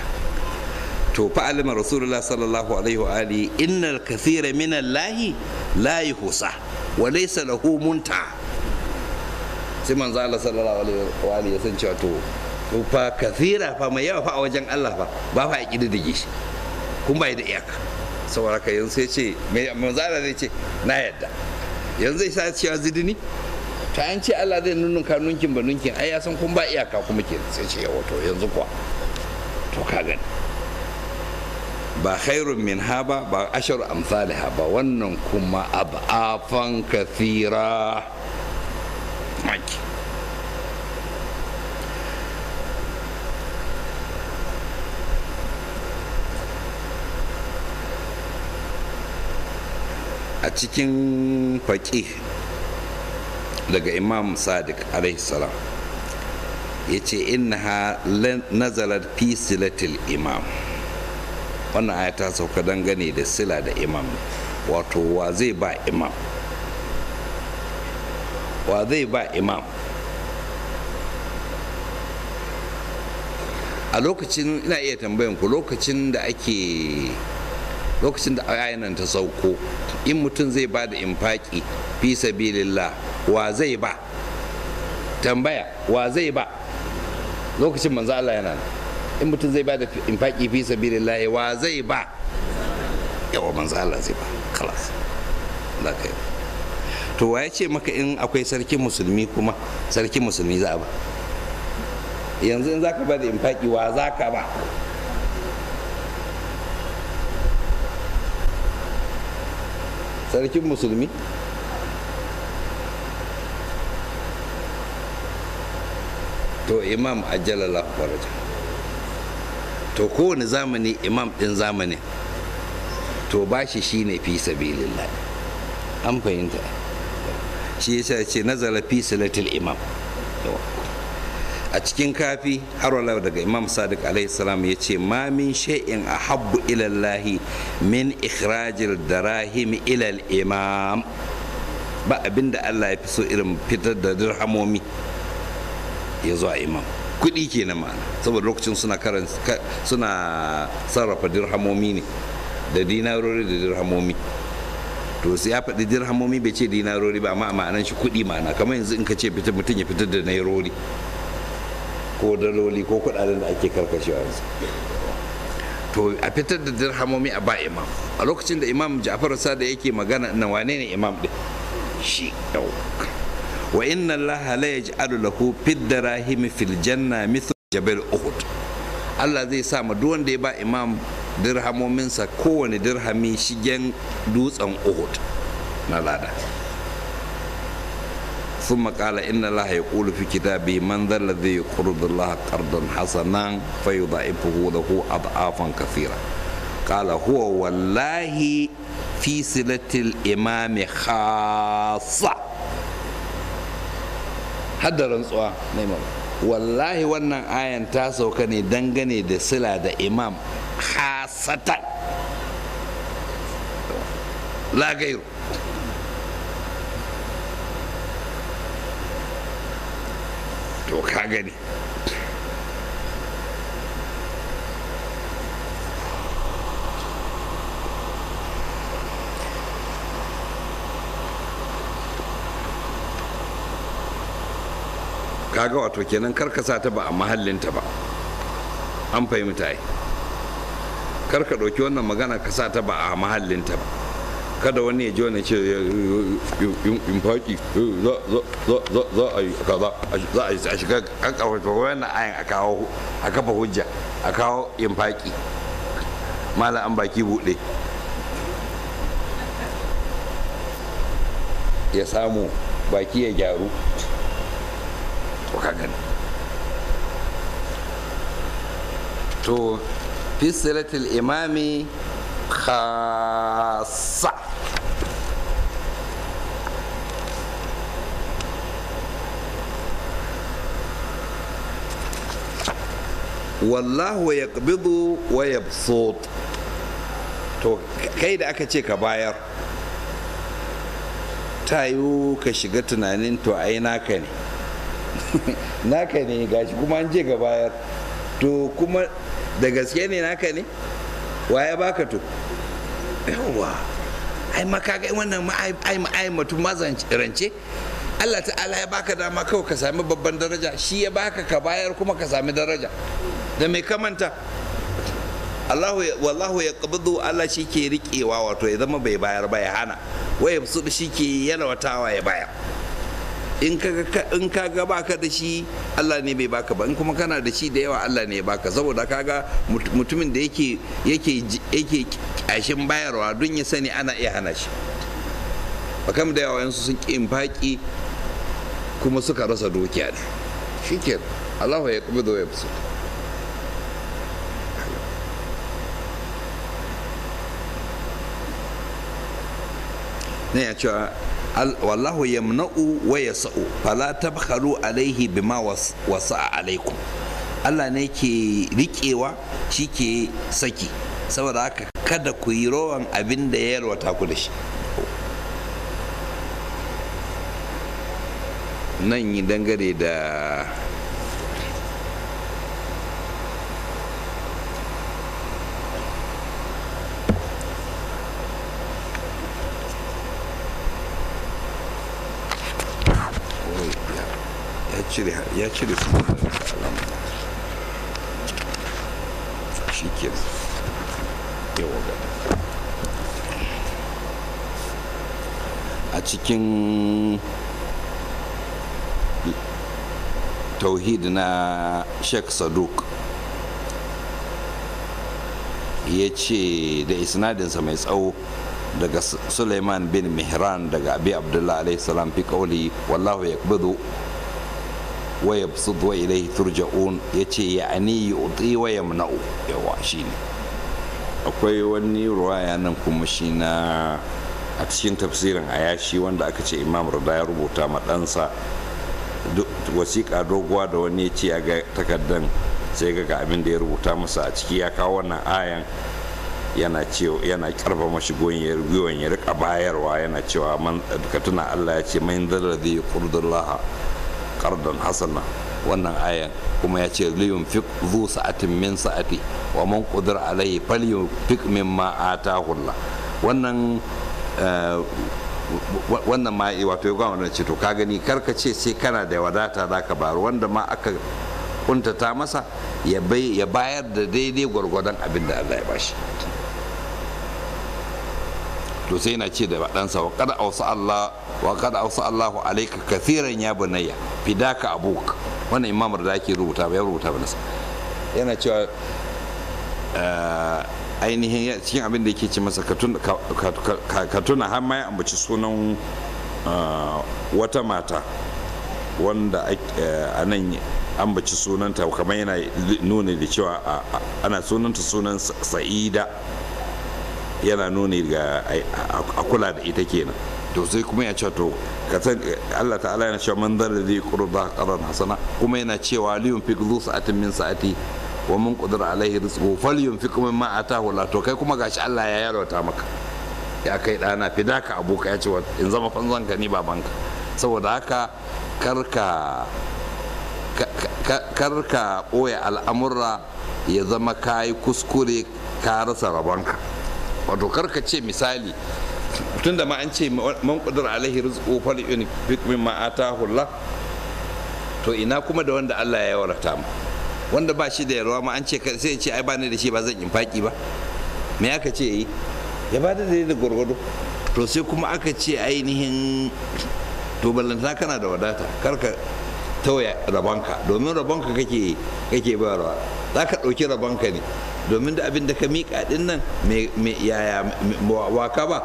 S1: to fa alima rasulullah sallallahu alaihi wa alihi innal kathira min allahi la yuhsa wa laysa lahu munta sai manzo Allah sallallahu alaihi wa alihi ya san cewa to fa kathira fa mai yawa fa a wajen Allah fa ba fa ya kididige shi kun bai da iyaka saboda yanzu sai ce mai manzala zai ce na yadda yanzu sa cewa zidini ta an ce Allah zai nunun ka nunkin ba nunkin ai ya san kun ba iyaka kuma ke sai ce ya wato yanzu kuwa to ka gani ba khairun min haba ba ashar amsalha ba wannan kuma ab'afan kafira a cikin faƙi daga imam sadiq salam ya ce innaha nazalar fi silatil imam wannan aya ta sauka dangane da sila da imam wato wa zai ba imam wa zai ba imam a lokacin ina iya tambayan ku lokacin da ake lokacin da ayan ta sauko in mutum zai ba da infaki fi sabilillah wa zai ba tambaya wa zai ba lokacin manzo Allah yana in mutum zai ba da infaki fi sabilillah wa zai ba yawa manzo Allah zai ba kalas da kai to wa ya ce maka in akwai sarkin musulmi kuma sarkin musulmi za ba yanzu in za ka ba da infaki wa za ka ba sarkin musulmi to imam ajalala faraja to kowane zamani imam ɗin zamani to ba shi shi ne fi sabilillah an fahimta shi yasa ce nazara fi salatul imam a cikin kafi har wala daga imam sadiq alaihi salam ya ce ma min shay'in habbu ilallahi min ikhrajil darahim ilal imam ba abinda Allah ya fi so irin fitar da dirhamomi ya zo a imam kuɗi na ma'ana saboda lokacin suna suna sarrafa dirhamomi ne da dinarori da dirhamomi to sai ya faɗi dirhamomi bai ce dinarori ba amma a ma'anan shi kuɗi ma'ana kamar yanzu in ka ce mutum ya fitar da nairori ko daloli ko kudaden da ake karkashewa yanzu to a fitar da dirhamomi a ba imam a lokacin da imam ja'far sada yake magana na wane ne imam din shi yau wa inna allah la yaj'alu lahu fid Rahimi fil janna mithl jabal uhud allah zai sa ma duk wanda ya ba imam dirhamominsa kowane dirhami shigen dutsen uhud na lada sun makala inna laha ya ƙulu kitabi man zalla zai yi hasanan kala huwa wallahi fi silatil imami khasa haddaran tsuwa na imam wallahi wannan ayan ta sauka ne dangane da sila da imam khasatan to ka gani kaga wato kenan karkasa ta ba a mahallinta ba an fahimta yi karka ɗauki wannan magana ka sa ta ba a mahallinta ba kada wani ya ji wani ce in faƙi za a yi kaza za a yi a shiga an ƙarfafa wani ayin a kawo a kafa hujja a kawo in faƙi mala an baki buɗe ya samu baki ya gyaru to gani to fi imami khasa wallahu ya wa ya to kai da aka ce ka bayar tayo ka shiga tunanin to ai naka ne naka ne gashi kuma an je ga bayar to kuma da gaske ne naka ne wa ya baka to yawwa ai makaga wannan ai mutum rance? Allah ta'ala ya baka dama kawai ka sami babban daraja shi ya baka ka bayar kuma ka sami daraja da mai kamanta Allahu wallahu ya qabdu Allah shi ke riƙewa wato ya zama bai bayar ba ya hana waye su shi ke yalwatawa ya bayar in ka ga baka da shi Allah ne bai baka ba in kuma kana da shi da yawa Allah ne ya baka saboda kaga mutumin da yake yake yake kashin bayarwa don ya sani ana iya hana shi bakam da yawa yansu sun ki infaki kuma suka rasa dukiya ne shikenan Allah ya kubudo ya fusu ne ya cewa wallahu yamna'u wa yasa'u fala tabkhalu alaihi bima wasa'a alaykum Allah ne ke riƙewa shi ke saki saboda haka kada ku yi rawan abin da ya yarwata ku da shi nan yi dangare da cire ya cire su shi ke a cikin tauhid na sheikh saduk ya ce da isnadinsa mai tsawo daga suleiman bin mihran daga abi abdullahi alaihi fi kauli wallahu yakbidu wa yabsud wa ilaihi turja'un yace ya'ni yu'ti wa yamna'u yawa shine akwai wani ruwaya nan kuma shi na a cikin tafsirin ayashi wanda aka ce imam rada ya rubuta ma ɗansa wasiƙa doguwa da wani ya a ga takardan sai ga abin da ya rubuta masa a ciki ya kawo wannan ayan yana cewa yana karfa mashi goyon gwiwan ya bayarwa yana cewa man ka tuna Allah ya ce man zalladhi yaqrudullaha qardan hasana wannan ayan kuma ya ce liyun zu sa'atin min sa'ati wa man qudir alayhi falyunfiq mimma atahu Allah wannan eh, wannan ma wato ya gwamna ce to ka gani karka ce sai kana da wadata zaka baro wanda ma aka kuntata masa ya bayar da daidai gwargwadon abin da Allah ya bashi to sai yana ce da ɗansa wa kada ausa Allah wa kada ausa Allah alaika kathiran ya bunayya fidaka abuk wannan imam da yake rubuta ba ya rubuta ba nasa yana cewa ah, ainihin cikin abin da yake ce masa ka tuna har ma ambaci sunan ah, wata mata wanda eh, a nan ambaci sunanta kamar yana nuna da cewa ana sunanta sunan sa'ida yana nuni ga a kula da ita kenan to sai kuma ya ce to ka Allah ta'ala yana cewa man zar zai qurba qaran hasana kuma yana cewa li yunfiq zu sa'atin min sa'ati wa man qadara alaihi rizquhu kuma ma atahu la to kai kuma gashi Allah ya yarwata maka ya kai dana fidaka aboka ya ce in zama fanzan ka ni babanka saboda haka karka karka ɓoye al'amurra ya zama kayi kuskure ka rasa rabonka wato karka ce misali tun da ma an ce man kudur alaihi rizqu fal yunfiq mimma atahu Allah to ina kuma da wanda Allah ya warata mu wanda ba shi da yarwa ma an ce sai ce ai bani da shi ba zan yi faki ba me aka ce yi ya bada da da gwargwado to sai kuma aka ce ainihin to ballanta kana da wadata karka tauya rabanka domin rabanka kake kake bayarwa za ka ɗauki rabanka ne domin da abin da ka miƙa ɗin nan yaya waka ba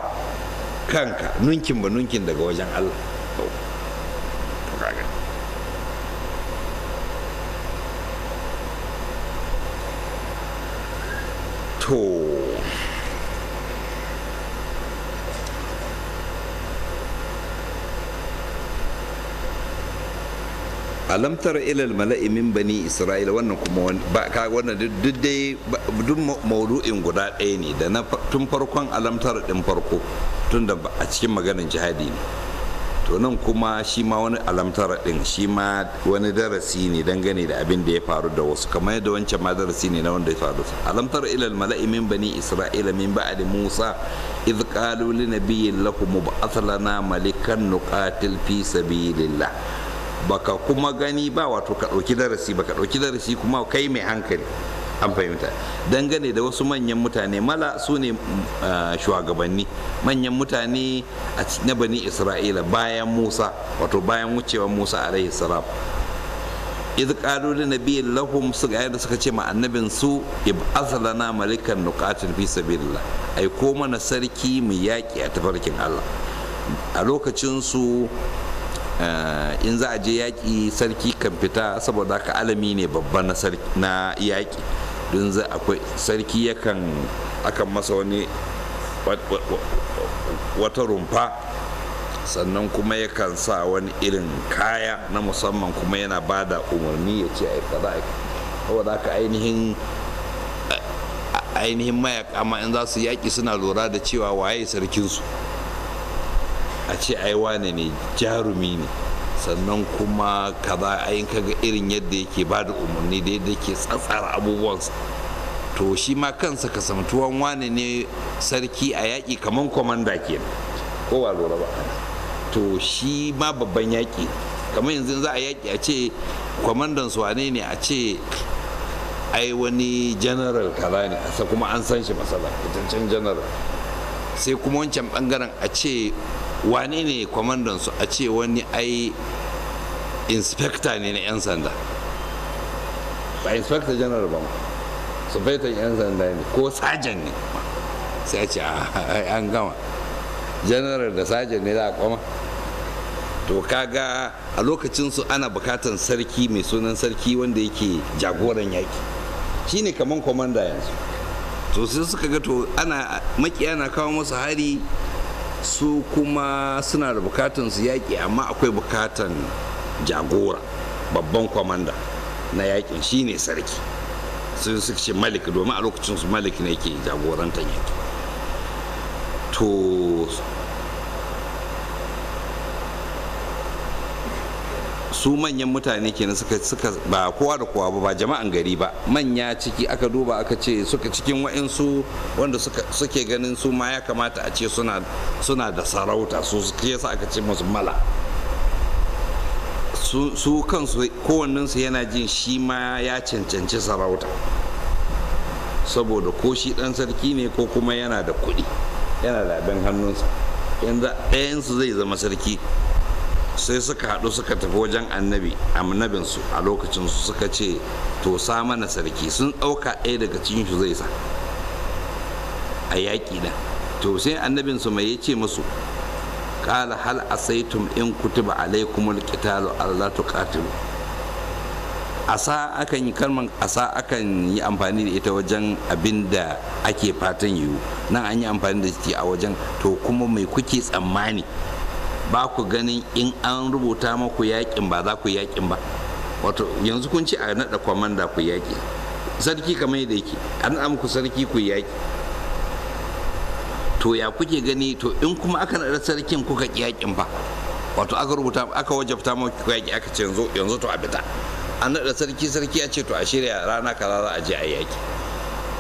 S1: kanka nunkin ba nunkin daga wajen Allah to alam tara ilal mala'i min bani isra'ila wannan kuma ba ka wannan duk dai duk maudu'in guda ɗaya ne da na tun farkon alam tara din farko tun da a cikin maganin jihadi ne to nan kuma shi ma wani alam tara din shi ma wani darasi ne dangane da abin da ya faru da wasu kamar yadda wancan ma darasi ne na wanda ya faru alam tara ilal mala'i min bani isra'ila min ba'di musa idh qalu li nabiyyin lakum ba'ath malikan nuqatil fi sabilillah baka kuma gani ba wato ka ɗauki darasi baka ɗauki darasi kuma kai mai hankali an fahimta dangane da wasu manyan mutane mala su ne eh, shugabanni manyan mutane na bani isra'ila bayan musa wato bayan wucewa musa rai salam iz qalu na biyan lahum su ga da suka ce ma annabin su ib'ath malikan nukatun fi sabilillah ai ko mana sarki mai yaki a tafarkin Allah a lokacinsu. Eh, in za a je yaƙi sarki kan fita saboda ka alami ne babba na yaƙi don za akwai sarki yakan akan masa wani wata rumfa sannan kuma yakan sa wani irin kaya na musamman kuma yana ba da umarni ya ce kaza saboda ka ainihin ainihin mayaka amma in za su yaƙi suna lura da cewa waye sarkinsu a ce ai wane ne jarumi ne sannan kuma kaza ayin kaga irin yadda yake ba da umarni da yadda ke tsatsara abubuwansa to shi ma kansa samtuwan wane ne sarki a yaƙi kamar kwamanda ke kowa lura ba to shi ma babban yaƙi kamar yanzu za a yaƙi a ce kwamandan su wane ne a ce ai wani general kaza ne a kuma an san shi masala fitaccen general sai kuma wancan bangaren a ce wani ne kwamandan su a ce wani ai inspekta ne na 'yan sanda ba inspekta janar ba su sufaitan 'yan sanda ne ko sajan ne sai a ce ah, an gama janar da sajan ne za a kwama to kaga a lokacinsu ana bukatan sarki mai sunan sarki wanda yake jagoran yaki shine kamar kwamanda yanzu to sai suka ga to ana makiya na kawo masu hari su kuma suna da bukatan su yaƙi amma akwai bukatan jagora babban kwamanda na yaƙin shi ne sarki sun suka ce maliki domin a lokacin su maliki ne ke jagorantar yaƙi to su manyan mutane kenan suka suka ba kowa da kowa ba jama'an gari ba manya ciki aka duba aka ce suka cikin wa'insu wanda suke ganin su ma ya kamata a ce suna da sarauta su yasa aka ce musu mala su kansu kowannensu yana jin shi ma ya cancanci sarauta saboda ko shi dan sarki ne ko kuma yana da kuɗi yana da abin hannunsa yanzu ɗayansu zai zama sarki sai suka haɗu suka tafi wajen annabi annabinsu a lokacinsu suka ce to sa mana sarki sun ɗauka ɗaya daga cikin shi zai sa a yaƙi ɗin to sai annabinsu mai ya ce musu ƙala hal asaitum in kutuba alaikumul qitalu alla tuqatilu asa akan yi kalman asa akan yi amfani da ita wajen abin da ake fatan yiwu nan an yi amfani da shi a wajen to kuma mai kuke tsammani ba ku ganin in an rubuta maku yakin ba za ku yakin ba wato yanzu kun ce a naɗa kwamanda ku yaki sarki kamar yadda yake an muku sarki ku yaki to ya kuke gani to in kuma aka naɗa sarkin kuka yakin ba wato aka rubuta aka wajabta maku yaki aka ce yanzu to a fita an naɗa sarki sarki ya ce to a shirya rana kaza za a je a yaki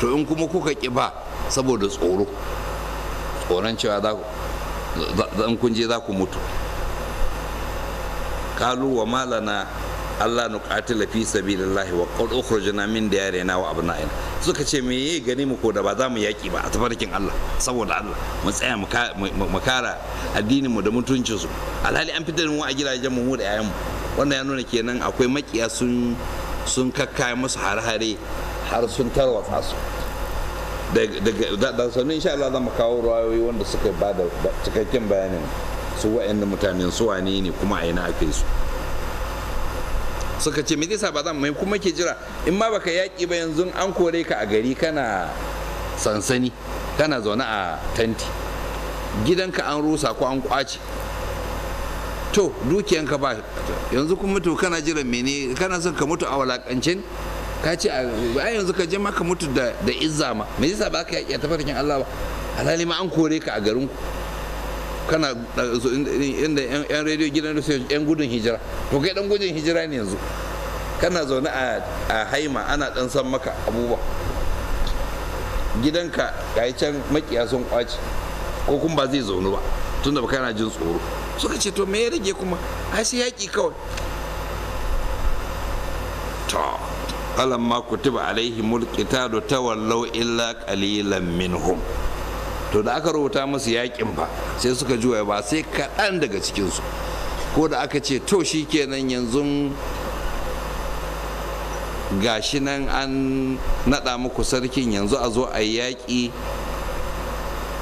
S1: to in kuma kuka ƙi ba saboda tsoro tsoron cewa za ku zan kun za ku mutu kalu wa malana Allah nu qatila fi sabilillahi wa qad ukhrajna min diyarina wa abna'ina suka ce me yayi gani mu ko da ba za mu yaki ba a tafarkin Allah saboda Allah mu tsaya mu kara addinin mu da mutuncin su alhali an fitar mu a gidajen mu da yayan mu wannan ya nuna kenan akwai makiya sun sun masu musu hare-hare har sun tarwatsa su da sanin insha Allah zama kawo ruwayoyi wanda suka ba da cikakken bayanin su wa'annan mutanen su wani ne kuma a ina ake su suka ce me zai ba za mu mai kuma ke jira in ma baka yaƙi ba yanzu an kore ka a gari kana sansani kana zaune a tanti gidanka an rusa ko an kwace to dukiyanka ba yanzu kuma to kana jira mene kana son ka mutu a walakancin ka ce a yanzu ka je maka mutu da izza ma me yasa ba ka yaƙi a tafarkin Allah ba alhali ma an kore ka a garin ku kana inda yan rediyo gidan yan gudun hijira to kai dan gudun hijira ne yanzu kana zaune a haima ana dan san maka abubuwa gidanka ga can makiya sun kwace ko kuma ba zai zaune ba tunda ba kana jin tsoro suka ce to me ya rage kuma ai sai yaƙi kawai alamma kutiba alaihimul qitalu tawallaw illa qalilan minhum to da aka rubuta musu yakin ba sai suka juya ba sai kaɗan daga cikinsu ko da aka ce to shi kenan yanzu gashi nan an naɗa muku sarkin yanzu a zo a yaƙi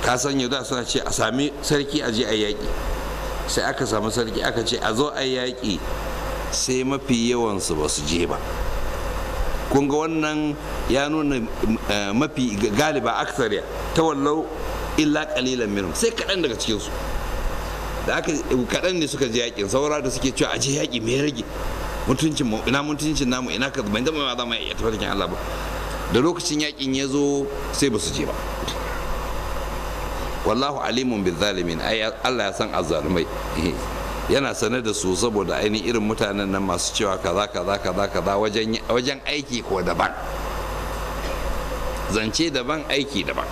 S1: ka san da suna ce a sami sarki a je a yaƙi sai aka sami sarki aka ce a zo a yaƙi sai mafi yawansu ba su je ba kun ga wannan ya nuna eh, mafi galiba aksariya ta wallau illa kalilan minhum sai kaɗan daga cikinsu da aka kaɗan ne suka je yakin saura da suke cewa a je yaƙi me rage mutuncin mu ina mutuncin namu ina ka ban zama ma za mu iya tafarkin Allah ba da lokacin yakin ya zo sai ba su je ba wallahu alimun zalimin ai Allah ya san azzalumai yana sane da su saboda ainihin irin mutanen nan masu cewa kaza kaza kaza kaza wajen aiki ko daban zance daban aiki daban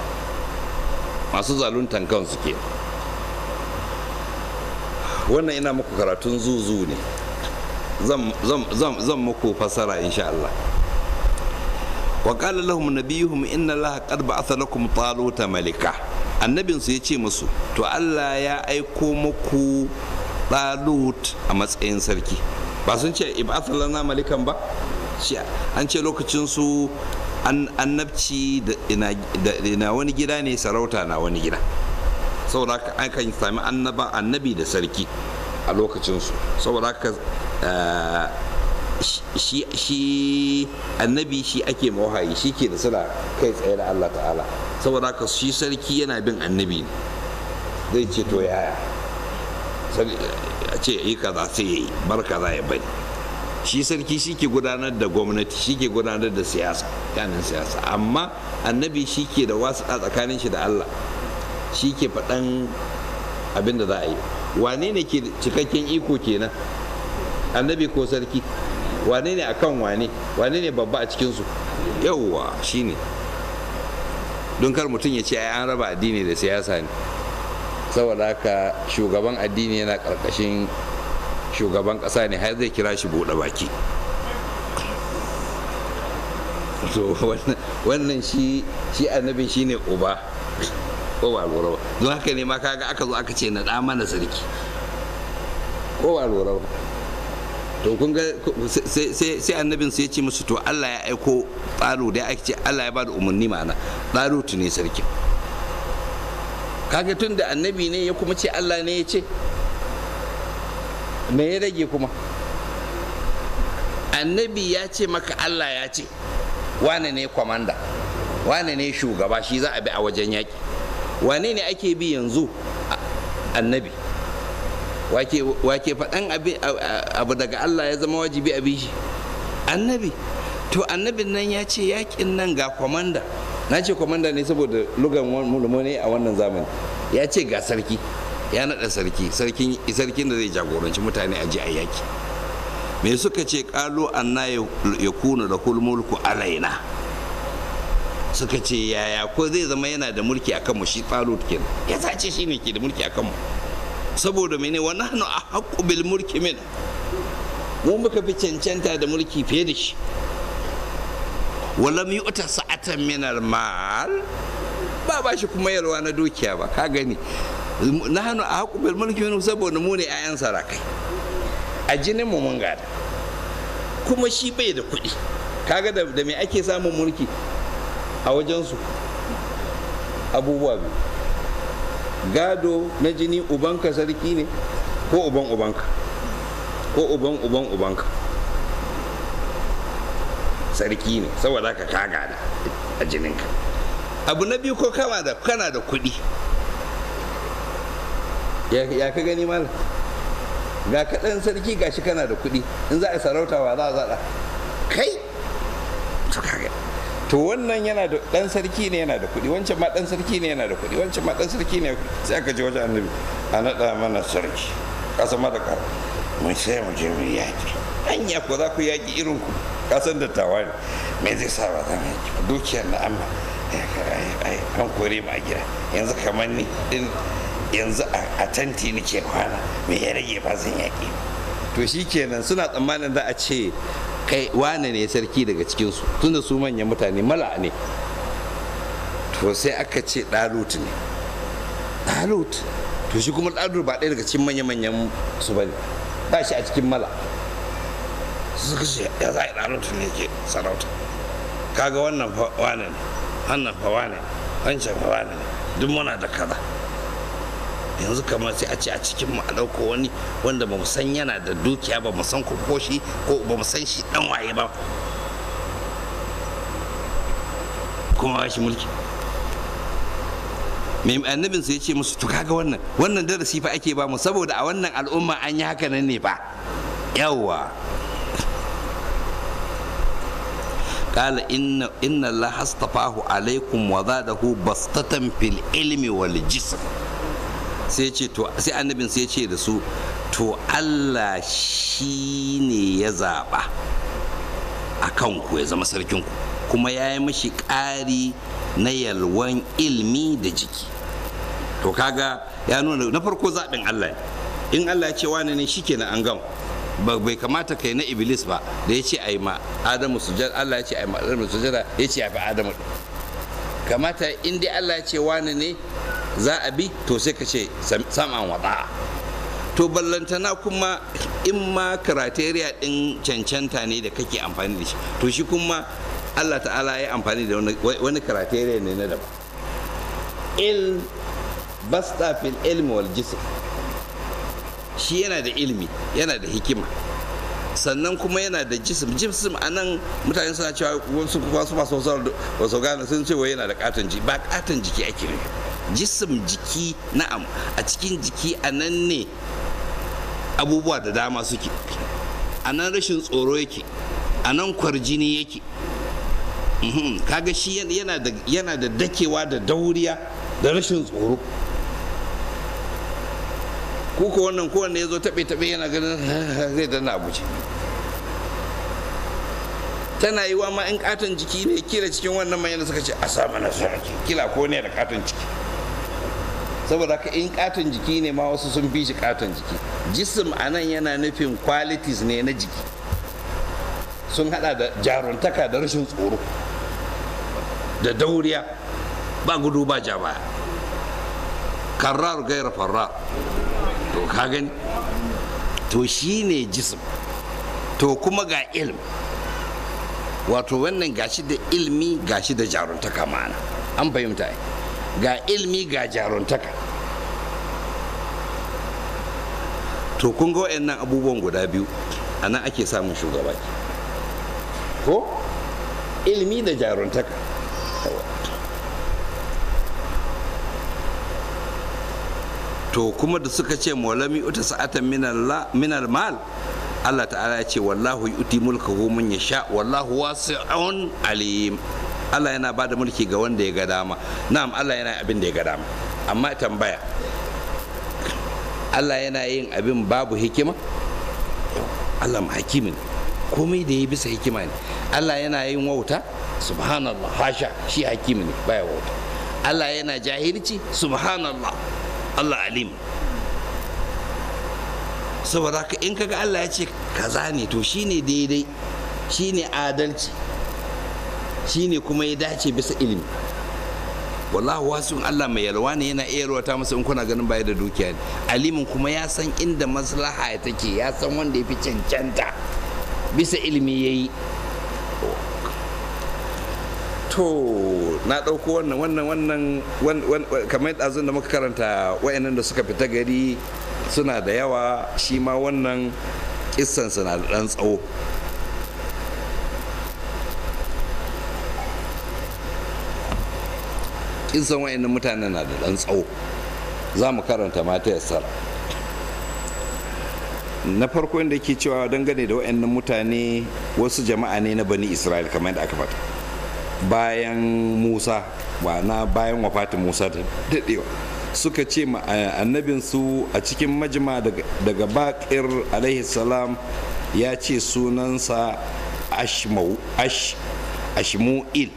S1: masu zaluntan kansu ke wannan ina muku karatun zuzu ne zan muku fasara insha Allah wa qala lahum nabiyuhum inna allaha qad ba'atha lakum taluta malika annabinsu ya ce musu to Allah ya aiko muku ɗalut a matsayin sarki ba sun ce ibathalana malikan ba an ce lokacin su annabci na wani gida ne sarauta na wani gida saboda an kan sami annaba annabi da sarki a lokacinsu saboda haka eh, shi annabi shi ake mawahayi shi ke da suna kai tsaye da Allah ta'ala saboda haka shi sarki yana bin annabi ne zai ce to yaya a ce yi kaza sai ya yi bar kaza ya bari shi sarki shi ke gudanar da gwamnati shi ke gudanar da siyasa yanin siyasa amma annabi shi ke da wasu a tsakanin shi da allah shi ke faɗan abin da za a yi wane ne ke cikakken iko kenan annabi ko sarki wane ne akan wane wane ne babba a cikinsu yauwa ne don kar mutum ya ce ai an raba addini da siyasa ne saboda haka shugaban addini yana karkashin shugaban kasa ne har zai kira shi buɗe baki so wannan shi shi annabin shi ne uba ko ba lura ba don haka ne ma kaga aka zo aka ce na ɗa mana sarki ko ba lura ba to kun ga sai annabin sai ya ce musu to Allah ya aiko tsaro da ya ake ce Allah ya ba da umarni ma'ana tsaro ne sarkin kaga tun da annabi ne ya kuma ce Allah ne ya ce me ya rage kuma annabi ya ce maka Allah ya ce wane ne kwamanda wane ne shugaba shi za a bi a wajen yaƙi wane ne ake bi yanzu annabi wake faɗan abu daga Allah ya zama wajibi a bi shi annabi to annabin nan ya ce yaƙin nan ga kwamanda na ce kwamandan ne saboda lugan mulmune a wannan zamani ya ce ga sarki ya naɗa sarki sarkin da zai jagoranci mutane a ji a yaki me suka ce ƙalo anna ya kuna da mulku alaina suka ce yaya ko zai zama yana da mulki akan mu shi talut kenan ya sace shi ne ke da mulki akan mu saboda mene wa nahnu ahqqu bil mulki min mu muka fi cancanta da mulki fiye da shi wa lam yu'ta wadatan minar mal ba ba shi kuma yalwa na dukiya ba ka gani na hannu a haƙu bil mulki wani saboda mu ne 'ya'yan sarakai a jinin mu mun gada kuma shi bai da kuɗi kaga da me ake samun mulki a wajensu abubuwa biyu gado na jini ubanka sarki ne ko uban ubanka ko uban uban ubanka sarki ne saboda ka kaga da a jininka abu na biyu ko kama da kana da kuɗi ya ka gani malam ga kaɗan sarki ga shi kana da kuɗi in za a sarauta wa za a zaɗa kai to kaga to wannan yana da ɗan sarki ne yana da kuɗi wancan ma ɗan sarki ne yana da kuɗi wancan ma ɗan sarki ne sai aka ji wajen annabi a naɗa mana sarki ƙasa ma da mun sai mu je mu yaƙi hanya ko za ku yaƙi irin ku kasan tawa ne me zai sa ba za mu yaƙi ba dukiyar na amma an kore mu a gida yanzu kamar ni din yanzu a tanti ni ke kwana me ya rage ba zan yaƙi to kenan suna tsammanin za a ce kai wane ne sarki daga cikinsu da su manyan mutane mala ne to sai aka ce ɗalut ne ɗalut to shi kuma ɗalut ba ɗaya daga cikin manya-manyan su ba ne ba shi a cikin mala suka ce ya za a ranar ne ke sarauta kaga wannan fawa ne wannan fawa ne wancan fawa ne duk muna da kaza yanzu kamar sai a ce a cikin mu a ɗauko wani wanda ba mu san yana da dukiya ba mu san ko shi ko ba mu san shi dan waye ba kuma ba shi mulki mai annabin sai ya ce musu to kaga wannan wannan darasi fa ake ba mu saboda a wannan al'umma an yi haka nan ne ba yawwa qala inna inna Allah astafahu alaikum wa zadahu bastatan fil ilmi wal jism sai ce to sai annabin sai ce da su to Allah shine ya zaba a kanku ya zama sarkin ku kuma ya yi mashi ƙari na yalwan ilmi da jiki to kaga ya nuna na farko zaɓin Allah in Allah ya ce wani ne shikenan an gama bai kamata kai na iblis ba da ya ce a yi ma adamu sujada allah ya ce a yi ma adamu sujada ya ce a fi adamu kamata in dai allah ya ce wani ne za a bi to sai ka ce saman wada'a to ballantana kuma in ma karateriya din cancanta ne da kake amfani da shi to shi kuma allah ta'ala ya amfani da wani karateriya ne na daban il basta fil ilmi wal jism shi yana da ilimi yana da hikima sannan kuma yana da jisim jisim a nan mutane suna cewa wasu masu masu wasu gane sun ce yana da katon jiki ba katon jiki ake nufi jisim jiki na'am a cikin jiki a nan ne abubuwa da dama suke a nan rashin tsoro yake a nan kwarjini yake mhm, kaga shi yana da dakewa da dauriya da rashin tsoro kuka wannan kowanne ya zo taɓe taɓe yana ganin zai dana abuja tana yi wa ma in katon jiki ne kila cikin wannan da suka ce a sa mana sarki kila ko ne da katon ciki saboda haka in katon jiki ne ma wasu sun fi shi katon jiki jisim a nan yana nufin qualities ne na jiki sun hada da jaruntaka da rashin tsoro da dauriya ba gudu ba ja baya karrar gaira farrar to ka gani to shi ne jism to kuma ga ilm wato wannan gashi da ilmi gashi da jaruntaka ma'ana an fahimta ga ilmi ga jaruntaka to kun ga wayannan abubuwan guda biyu a nan ake samun shugaba ko ilmi da jaruntaka to kuma da suka ce maulami uta sa'atan minal mal Allah ta'ala ya ce wallahu yu'ti mulkahu man yasha wallahu wasi'un alim Allah yana bada mulki ga wanda ya ga dama na'am Allah yana abin da ya ga dama amma tambaya Allah yana yin abin babu hikima Allah hakimin komai da ya bisa hikima ne Allah yana yin wauta subhanallah hasha shi hakimin ne baya wauta Allah yana jahilci subhanallah Allah alim saboda ka in kaga Allah ya ce kaza ne to shine daidai shine adalci shine kuma ya dace bisa ilimi wallahu wasun Allah mai yalwa ne yana iya ruwata masa in kuna ganin baya da dukiya ne alimin kuma ya san inda maslaha take ya san wanda ya fi cancanta bisa ilimi yayi to na ɗauko wannan wannan wannan kamar ɗazun da muka karanta wa'annan da suka fita gari suna da yawa shi ma wannan kissan na da ɗan tsawo kissan wa'annan mutane na da ɗan tsawo za mu karanta mata yasar na farko inda ke cewa dangane da wa'annan mutane wasu jama'a ne na bani isra'il kamar da aka fata bayan musa na bayan wafati musa da daɗewa suka ce annabinsu a cikin majima daga bakir alaihi salam ya ce sunansa ashmu'il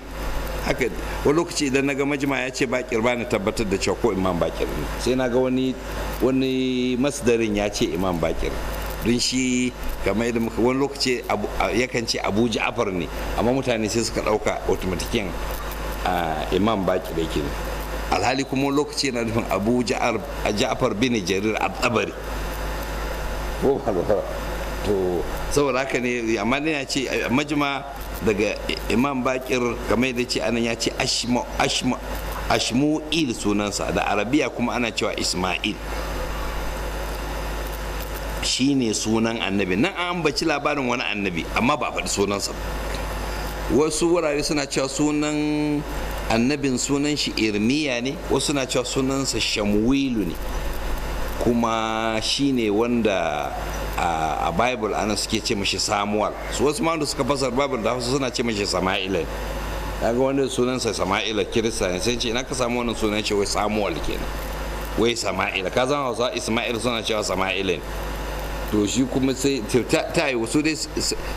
S1: haka wani lokaci idan na ga majima ya ce bakir ba na tabbatar da cewa ko imam bakir ne sai na ga wani masdarin ya ce imam bakir don shi kamar yadda muka wani lokaci yakan ce abu ja'afar ne amma mutane sai suka ɗauka automatikin imam baki da kenan alhali kuma wani lokaci yana nufin abu ja'afar bin jarir a tsabari to saboda haka ne amma ne ya ce majima daga imam bakir kamar yadda ce anan ya ce ashmu'il sunansa da arabiya kuma ana cewa isma'il shine sunan annabi nan an ambaci labarin wani annabi amma ba faɗi sunansa wasu wurare suna cewa sunan annabin sunan shi irmiya ne wasu suna cewa sunansa shamwilu ne kuma shine wanda a bible ana suke ce mashi samuwal su wasu ma suka fasar bible da wasu suna ce mashi sama'ila daga wanda sunansa sama'ila kirista ne sai ce ina ka samu wannan sunan ce wai samuwal kenan wai sama'ila ka zama hausa isma'il suna cewa sama'ila ne to shi kuma sai ta yi wasu dai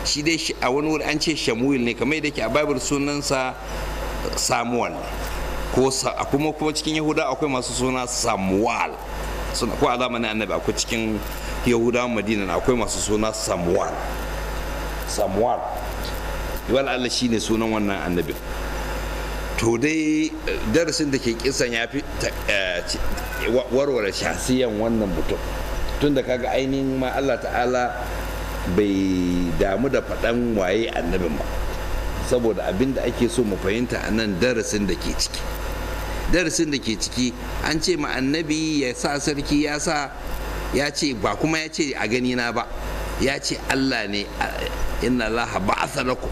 S1: shi dai a wani wuri an ce shamuil ne kamar yadda ke a bible sunansa samuel ko kuma kuma cikin yahuda akwai masu suna samuel ko a zamanin annabi akwai cikin yahuda madina akwai masu suna samuel samuel wal Allah shine sunan wannan annabin to dai darasin da ke kisan ya fi eh, warware shasiyan wannan mutum tun da kaga ainihin ma Allah ta'ala bai damu da faɗan waye annabin ba saboda abin da ake so mu fahimta a nan darasin da ke ciki darasin da ke ciki an ce ma annabi ya sa sarki ya sa ya ce ba kuma ya ce a gani na ba ya ce Allah ne inna Allah ba'atha lakum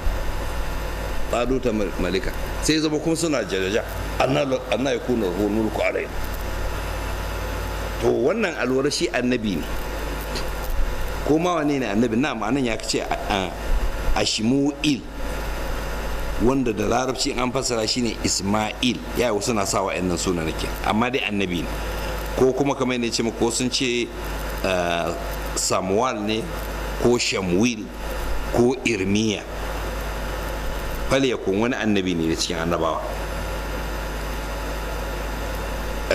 S1: ta malika sai zama kuma suna jajaja anna kuna ruwan mulku alaina to wannan alwara shi annabi ne ko ma wane ne annabi na ma'anan ya ce a shimu'il wanda da larabci an fassara shi ne isma'il ya wasu na sa nan suna nake amma dai annabi ne ko kuma kamar ne ce ko sun ce samuwal ne ko shamwil ko irmiya fal yakun wani annabi ne da cikin annabawa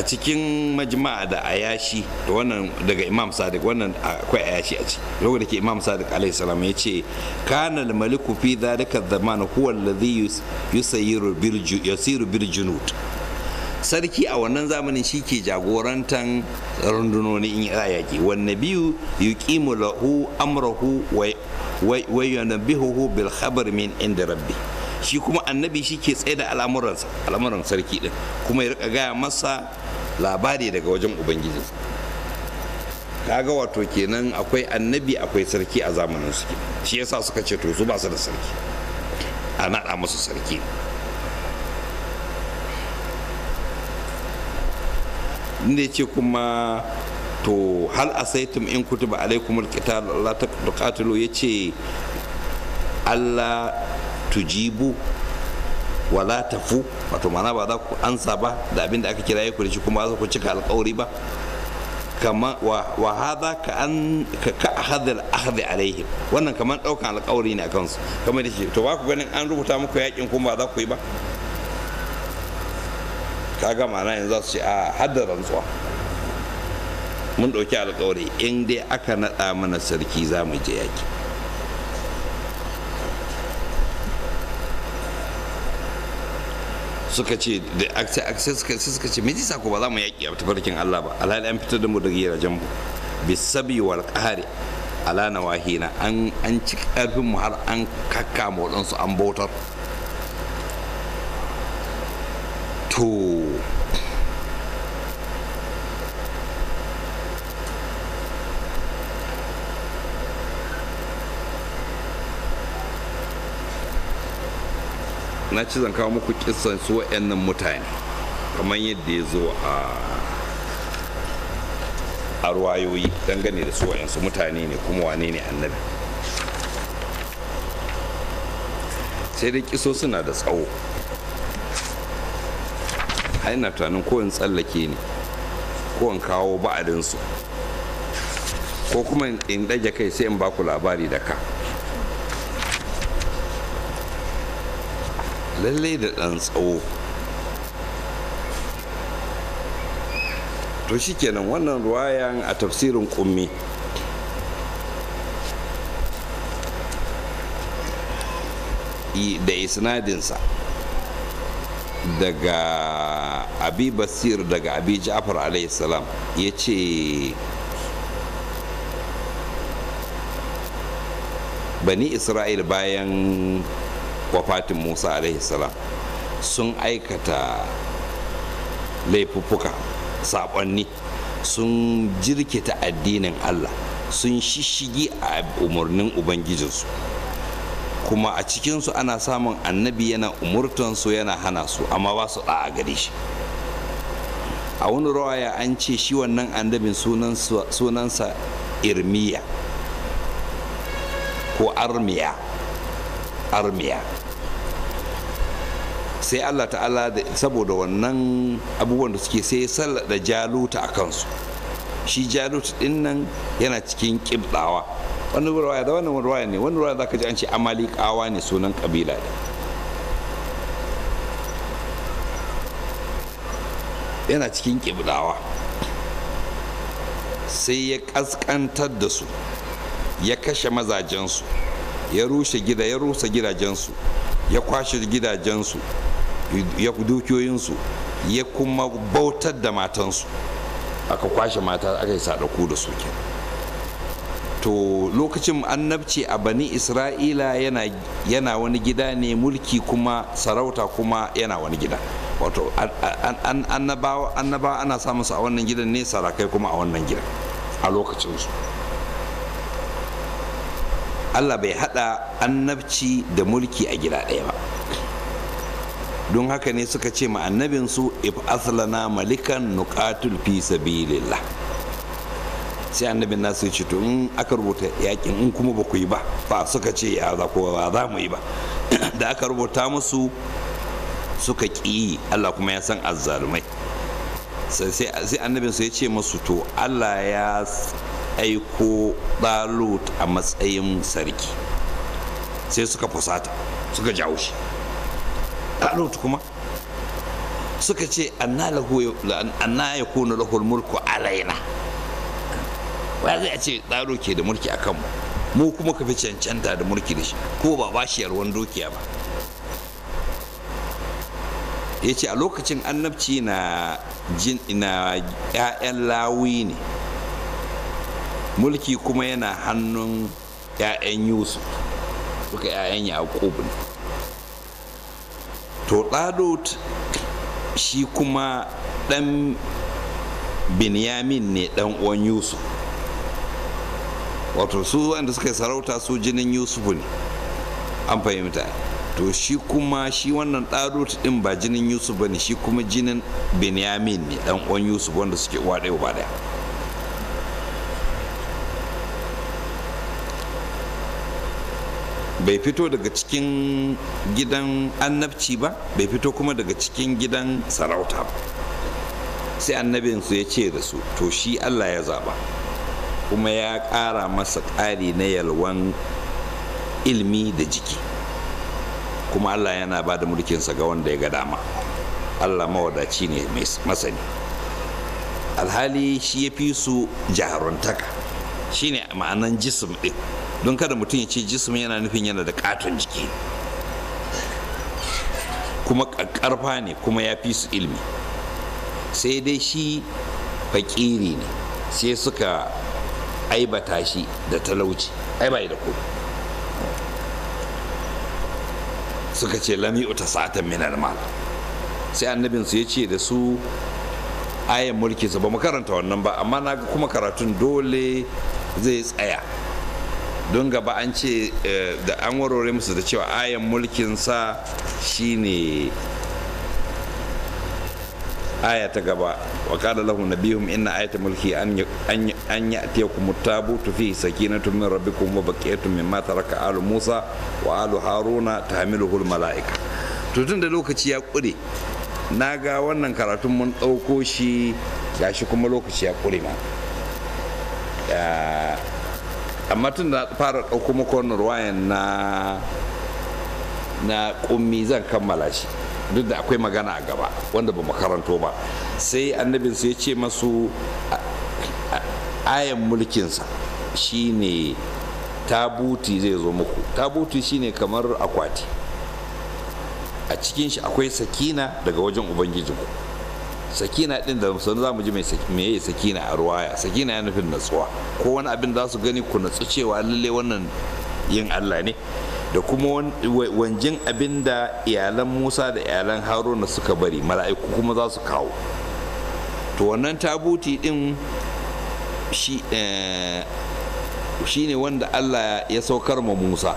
S1: a cikin majma'a da ayashi da wannan daga imam sadiq wannan akwai ayashi a ciki lokacin da ke imam sadiq alaihi salam ya ce kana al maliku fi dhalika zaman huwa alladhi yusayiru birju yasiru birjunud sarki a wannan zamanin shi ke jagorantan rundunoni in ya yaki wan nabiyu yuqimu lahu amrahu wa wa yunabbihuhu bil khabar min inda rabbi shi kuma annabi shi ke tsaye da al'amuran sarki din kuma ya rika gaya masa labari daga wajen ubangiji kaga wato kenan akwai annabi akwai sarki a zamanin su shi yasa suka ce to su ba su da sarki a naɗa musu sarki inda ce kuma to hal asaitum in kutuba alaikumul qital la ya ce Allah tujibu wala tafu wato mana ba za ku ansa ba da abin da aka kira ya da shi kuma za ku cika alkawari ba kama wa hadha ka an ka ahadhal ahdi alaihim wannan kaman daukan alkawari ne akan su kamar da shi to ba ku ganin an rubuta muku yakin kuma ba za ku yi ba kaga mana yanzu za su ce a haddar rantsuwa mun ɗauki alkawari in dai aka naɗa mana sarki za mu je yaki suka ce da aksa suka ce ce yasa ko ba za mu yaki a tafarkin Allah ba alhali an fitar da mu daga yarajan mu bisabi wal qari ala nawahina an an ci karfin mu har an kakka mu wadansu an bautar to na ci zan kawo muku kisan su wa'annan mutane kamar yadda ya zo a arwayoyi dangane da su wa'ansu mutane ne kuma wane ne annabi sai dai kiso suna da tsawo ai na tunanin ko in tsallake ne ko in kawo ba'adinsu ko kuma in ɗage kai sai in baku labari da ka lallai da ɗan tsawo to shikenan wannan ruwayan a tafsirin ƙummi da isnadinsa daga abi basir daga abi ja'far alaihissalam ya ce bani isra'il bayan wafatin musa alaihi salam sun aikata laifuffuka sabonni sun jirkita addinin allah sun shishigi a umarnin ubangijinsu kuma a cikinsu ana samun annabi yana umurtansu yana hana su amma ba su ɗa'a gare shi a wani rawaya an ce shi wannan annabin sunansa irmiya ko armiya armiya sai Allah ta'ala saboda wannan abubuwan da suke sai da jaluta a kansu shi jaluta din nan yana cikin kibdawa wani ruwaya da wani ruwaya ne wani ruwaya zaka ji an ce amalikawa ne sunan kabila ne yana cikin kibdawa sai ya kaskantar da su ya kashe mazajensu ya rushe gida ya rusa gidajensu ya kwashe gidajensu ya dukiyoyinsu ya kuma bautar da matansu aka kwashe mata aka yi sadaku da su to lokacin annabci a bani isra'ila yana, yana wani gida ne mulki kuma sarauta kuma yana wani gida wato annabawa annabawa ana samun su a wannan gidan ne sarakai kuma a wannan gidan a lokacin su Allah bai hada annabci da mulki a gida ɗaya ba don haka ne suka ce ma annabinsu if aslana malikan nukatul fi sabilillah sai annabin nasu ya ce to in aka rubuta yakin in kuma ba ku yi ba ba suka ce ya za ko ba za mu yi ba da aka rubuta musu suka ƙi Allah kuma ya san azzalumai sai annabin su ya ce musu to Allah ya aiko ɗalut a matsayin sarki sai suka fusata suka jawo shi talut kuma suka ce anna lahu anna yakunu lahu almulku alaina wa zai ce tsaro ke da mulki akan mu mu kuma ka fi cancanta da mulki da shi ko ba ba shi yarwan dokiya ba ya ce a lokacin annabci na jin na 'ya'yan lawi ne mulki kuma yana hannun 'ya'yan yusuf duka 'ya'yan yaƙub ne to ɗalot shi kuma ɗan binyamin ne ɗan uwan yusuf wato su wanda suka sarauta su jinin yusuf ne an fahimta to shi kuma shi wannan ɗalot ɗin ba jinin yusuf ba ne shi kuma jinin binyamin ne ɗan uwan yusuf wanda suke uwa ba ba ɗaya bai fito daga cikin gidan annabci ba bai fito kuma daga cikin gidan sarauta ba sai annabinsu ya ce da su to shi allah ya zaba kuma ya ƙara masa ƙari na yalwan ilmi da jiki kuma allah yana ba da mulkinsa ga wanda ya ga dama allah mawadaci ne mai masani alhali shi ya fi su jaharuntaka shine ma'anan jisim ɗin don kada mutum ya ce jismi yana nufin yana da katon jiki kuma karfa ne kuma ya fi su ilmi sai dai shi fakiri ne sai suka aibata shi da talauci ai bai da ku. suka ce lami uta sa'atan min mal sai annabin su ce da su ayan mulki su ba mu karanta wannan ba amma na kuma karatun dole zai tsaya don gaba an ce eh, da an warware musu da cewa ayan mulkinsa shine aya ta gaba wa qala lahu nabihum inna ayata mulki an an ya'tiyakum at-tabutu fihi sakinatun min rabbikum wa baqiyatun mimma taraka alu Musa wa alu Haruna tahmiluhu al-mala'ika to tunda lokaci ya kure na ga wannan karatun mun dauko shi gashi kuma lokaci ya kure ma amma tun da fara ɗauko muku wannan ruwayan na na ƙummi zan kammala shi duk da akwai magana a gaba wanda ba makaranto ba sai annabinsu ya ce masu ayan mulkinsa shine tabuti zai zo muku tabuti shine kamar akwati a cikin shi akwai sakina daga wajen ubangijinku sakina din da sun za mu ji mai meye sakina a ruwaya sakina ya nufin natsuwa ko wani abin za su gani ku natsu cewa lalle wannan yin Allah ne da kuma wanjin abin da iyalan Musa da iyalan Haruna suka bari mala'iku kuma za su kawo to wannan tabuti din shi eh, ne wanda Allah ya saukar ma Musa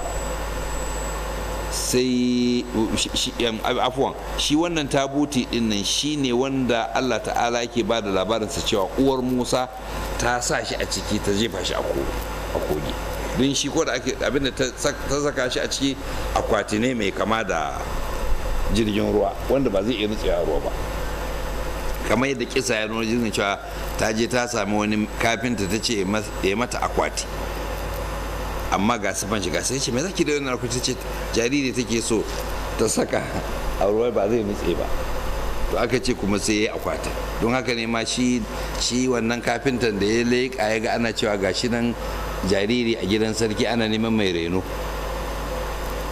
S1: sai afuwan shi wannan tabuti din nan ne wanda Allah ta'ala yake ba da labarinsa cewa uwar Musa ta sa shi a ciki ta jefa shi a kogi don shi ko da ake abinda ta saka shi a ciki akwati ne mai kama da jirgin ruwa wanda ba zai iya nutsewa ruwa ba kamar yadda kisa ya nuna jirgin cewa ta je ta sami wani kafinta ta ce ya mata akwati amma ga sufan shiga sai ce me zaki da wannan kuce ce jariri take so ta saka a ruwa ba zai nutse ba to aka ce kuma sai ya akwata don haka ne ma shi shi wannan kafintan da ya leƙa ya ga ana cewa gashi nan jariri a gidan sarki ana neman mai reno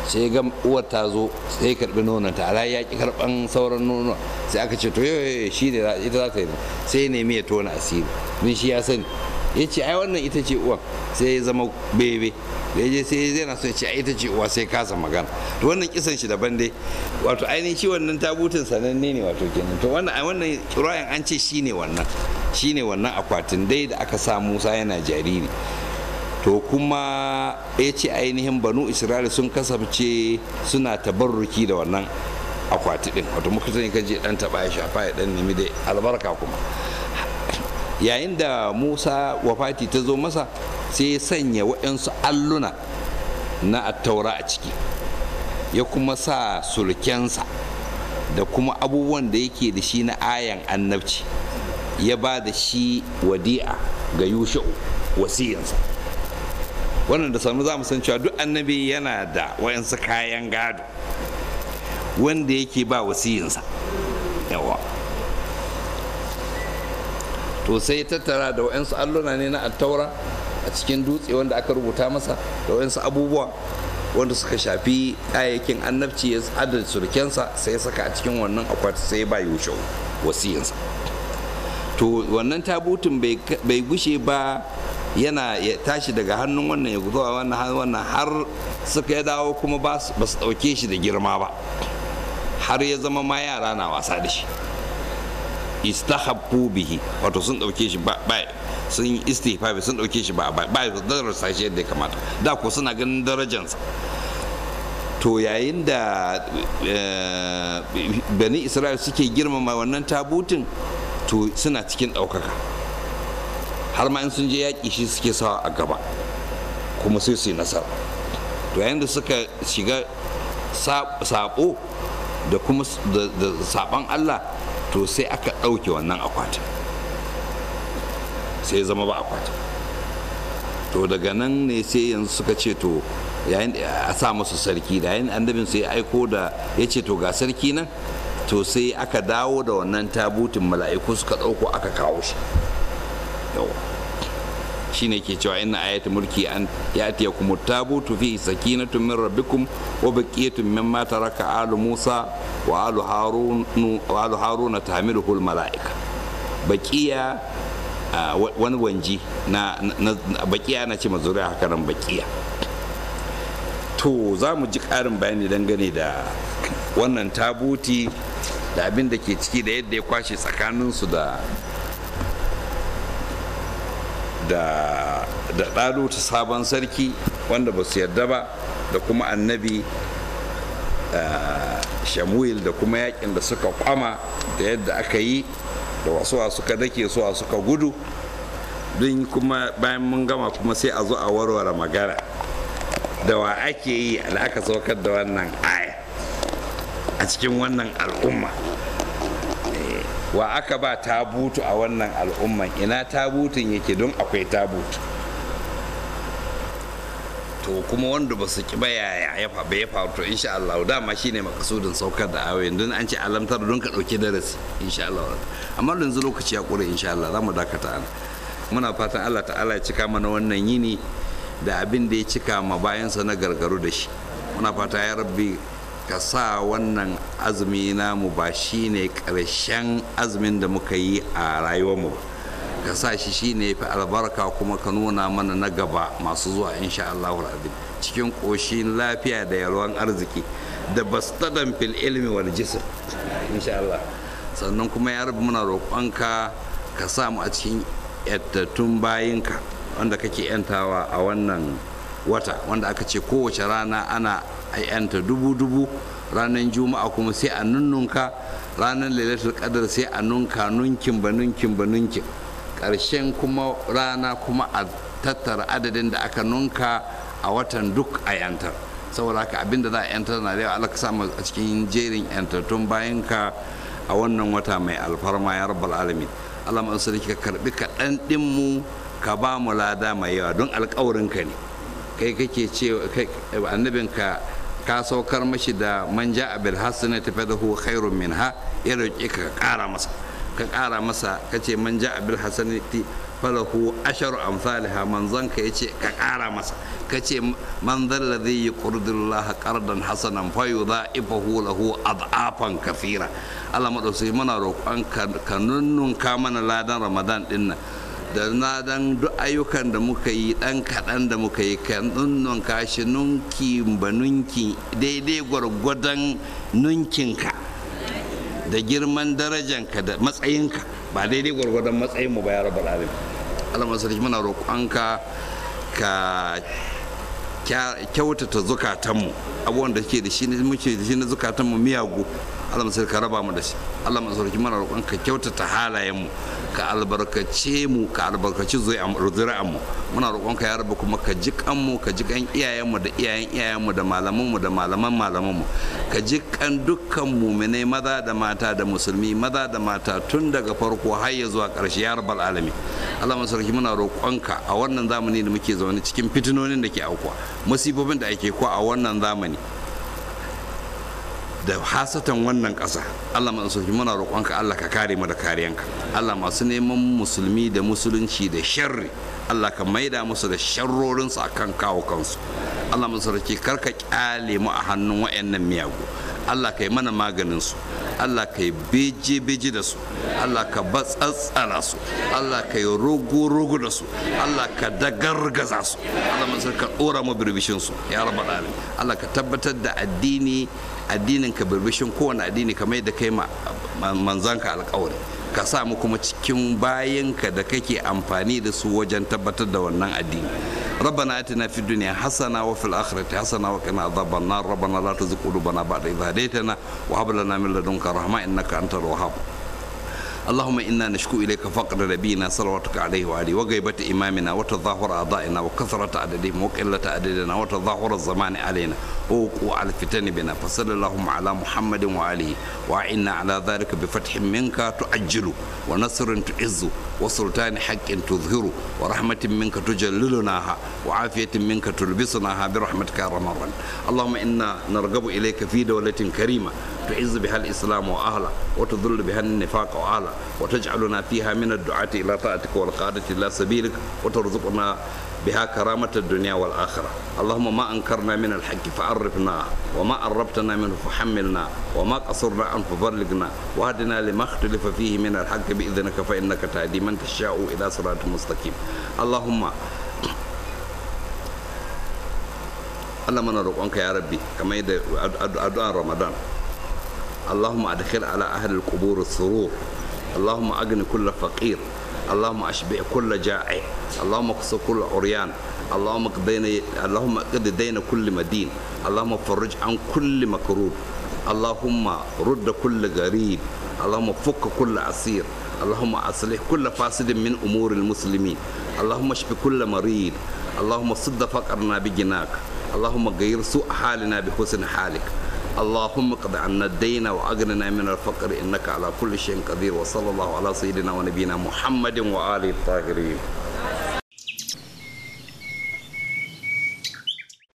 S1: sai ga uwar ta zo sai karbi nonon ta ala ya ki karban sauran nono sai aka ce to yoyo eh, shi ne ita za ta yi sai ya nemi ya tona asiri don shi ya sani ya ce ai wannan ita ce uwa sai ya zama bebe da je sai zai na so ya ce ai ita ce uwa sai kasa magana to wannan kisan shi daban dai wato ainihin shi wannan tabutin sananne ne wato kenan to wannan ai wannan kirayan an ce shine wannan shine wannan akwatin dai da aka sa Musa yana jariri to kuma ya ce ainihin banu isra'ila sun kasance suna tabarruki da wannan akwati din wato muka sani kan je dan taba ya shafa ya dan nemi dai albarka kuma yayin da musa wafati ta zo masa sai ya sanya waɗansu alluna na attaura a ciki ya kuma sa sulkensa da kuma abubuwan da yake da shi na ayan annabci ya ba da shi wadi'a ga yusha'u wasiyansa wannan da sanu za mu san cewa duk annabi yana da wayansu kayan gado wanda yake ba wasiyinsa to sai ya tattara da wa'ansu alluna ne na attaura a cikin dutse wanda aka rubuta masa da wa'ansu abubuwa wanda suka shafi ayyakin annabci ya adada surukensa sai ya saka a cikin wannan akwati sai ba yushau wasiyinsa to wannan tabutin bai gushe ba yana ya tashi daga hannun wannan ya zuwa wannan wannan har suka ya dawo kuma ba su ɗauke shi da girma ba har ya zama ma yara na wasa da shi istahabbu bihi wato sun dauke shi ba sun yi istihfafi sun dauke shi ba bai da darasa shi yadda ya kamata da ko suna ganin darajansa to yayin da eh, bani isra'il suke girmama wannan tabutin to suna cikin ɗaukaka har ma in sun je yaƙi shi suke sawa a gaba kuma sai su yi nasara to yayin da suka shiga saɓo da kuma da saɓan allah to sai aka ɗauke wannan akwatin sai zama ba akwatin to daga nan ne sai yanzu suka ce to yayin a sa musu sarki da yayin annabin sai aiko da ya ce to ga sarki nan to sai aka dawo da wannan tabutin mala'iku suka ɗauko aka kawo shi yawa shine ke cewa ina ayata mulki an ya yatiya kuma tabutu fi sakinatun min rabbikum wa baqiyatun ma taraka alu musa wa alu harun wa alu haruna tahmiluhu al malaika baqiya wani wanji na baqiya na ce mazuri haka nan baqiya to za mu ji ƙarin bayani dangane da wannan tabuti da abin da ke ciki da yadda ya kwashe tsakaninsu da da ta sabon sarki wanda ba su yarda ba da kuma annabi eh, shamuil da kuma yakin da suka kwama da yadda aka yi da wasu suka dake su suka gudu don kuma bayan mun gama kuma sai a zo a warware magana da wa ake yi da aka saukar da wannan aya a cikin wannan al'umma wa aka ba tabutu a wannan al'umman ina tabutun yake don akwai tabutu to kuma wanda ba su kiba ya ya fa ya faru to insha Allah dama shine makasudin saukar da ayoyin don an ce alamtar don ka dauki darasi insha Allah amma yanzu lokaci ya ƙure insha Allah za mu dakata ana muna fatan Allah ta'ala ya cika mana wannan yini da abin da ya cika ma bayansa na gargaru da shi muna fata ya rabbi ka sa wannan azumi namu ba shi ne ƙarshen azumin da muka yi a rayuwarmu ba ka sa shi shi shine fi albarka kuma ka nuna mana na gaba masu zuwa insha Allah cikin ƙoshin lafiya da yalwan arziki da bastadan fil ilmi wal jism insha Allah sannan kuma ya rabu muna roƙonka ka sa mu a cikin yattatun bayinka wanda kake yantawa a wannan wata wanda aka ce kowace rana ana a yanta dubu dubu ranar juma'a kuma sai a nunnunka ranar lailatul kadar sai a nunka nunkin ba nunkin ba nunkin ƙarshen kuma rana kuma a tattara adadin da aka nunka a watan duk a yantar saboda haka abinda za a yantar na da yawa alaka samu a cikin jerin yantattun bayan ka a wannan wata mai alfarma ya rabbal alamin Allah ma'a sarki ka karbi kaɗan ɗin mu ka ba mu lada mai yawa don alkawarin ka ne kai kake cewa ka. ka saukar mashi da manja a bilhassana tafi da huwa khairun min ha ya roƙi ka ƙara masa ka ƙara masa ka ce manja a bilhassana falahu asharu amsalha manzon ka yace ka ƙara masa ce man dhal ladhi yuqridullah qardan hasanan fa yudha'ifahu lahu ad'afan kathira Allah madauki muna roƙon ka nunnun ka mana ladan Ramadan dinnan da na dan duk ayyukan da muka yi dan kaɗan da muka yi kan nunnon kashi nunki ba nunki daidai gwargwadon nunkinka da girman darajanka da matsayinka ba daidai gwargwadon matsayin mu ba ya rabar alim alamar sarki muna roƙonka ka kyautata zukatanmu abubuwan da ke da shi muke da shi na zukatanmu miyagu Allah mu ka raba mu da shi Allah mu sarki mana roƙon ka kyautata halayen mu ka albarkace mu ka albarkaci zuri'an mu muna roƙon ka ya rabu kuma ka ji kan mu ka ji kan iyayen mu da iyayen iyayen mu da malaman mu da malaman malaman mu ka ji kan dukkan mu'minai maza da mata da musulmi maza da mata tun daga farko har ya zuwa ƙarshe ya rabal alami Allah mu sarki muna roƙon ka a wannan zamani da muke zaune cikin fitinonin da ke aukuwa musibobin da ake ko a wannan zamani da hasatan wannan ƙasa Allah masu muna roƙonka Allah ka kare mu da kariyanka Allah masu neman musulmi da musulunci da sharri Allah ka maida musu da sharrorinsu a kan kawo kansu Allah masu sauki kar kyale mu a hannun wayannan miyagu Allah ka yi mana maganinsu. su Allah ka yi beje beje da su Allah ka batsatsana su Allah ka yi rogo rogo da su Allah ka dagargaza su Allah masu ka dora mu birbishin ya rabbal Allah ka tabbatar da addini addinin ka birbishin kowane addini ka mai da kai ma manzanka alkawari ka samu kuma cikin bayan ka da kake amfani da su wajen tabbatar da wannan addini rabbana atina fid dunya hasana wa fil akhirati hasana wa qina adhaban rabana rabbana la tuzigh qulubana ba'da idh na wa hab min ladunka rahma innaka antal wahhab اللهم إنا نشكو إليك فقر نبينا صلواتك عليه وآله وغيبة إمامنا وتظاهر أعضائنا وكثرة عددهم وقلة عددنا وتظاهر الزمان علينا وعلى الفتن بنا فصل اللهم على محمد وآله وعنا على ذلك بفتح منك تؤجل ونصر تعز وسلطان حق تظهر ورحمة منك تجللناها وعافية منك تلبسناها برحمتك يا رمضان اللهم إنا نرغب إليك في دولة كريمة تعز بها الإسلام وأهله وتذل بها النفاق وأهله وتجعلنا فيها من الدعاة إلى طاعتك والقادة إلى سبيلك وترزقنا بها كرامة الدنيا والآخرة اللهم ما أنكرنا من الحق فعرفنا وما قربتنا منه فحملنا وما قصرنا عنه فبلغنا وهدنا لما اختلف فيه من الحق بإذنك فإنك تهدي من تشاء إلى صراط مستقيم اللهم Allah mana roƙonka يا ربي كما أدعى رمضان اللهم أدخل على أهل القبور السرور اللهم أغني كل فقير اللهم أشبع كل جائع اللهم اقص كل عريان اللهم قضينا اللهم قد دين كل مدين اللهم فرج عن كل مكروب اللهم رد كل غريب اللهم فك كل عسير اللهم أصلح كل فاسد من أمور المسلمين اللهم اشف كل مريض اللهم صد فقرنا بجناك اللهم غير سوء حالنا بحسن حالك اللهم اقض عنا الدين واغننا من الفقر انك على كل شيء قدير وصلى الله على سيدنا ونبينا محمد واله الطاهرين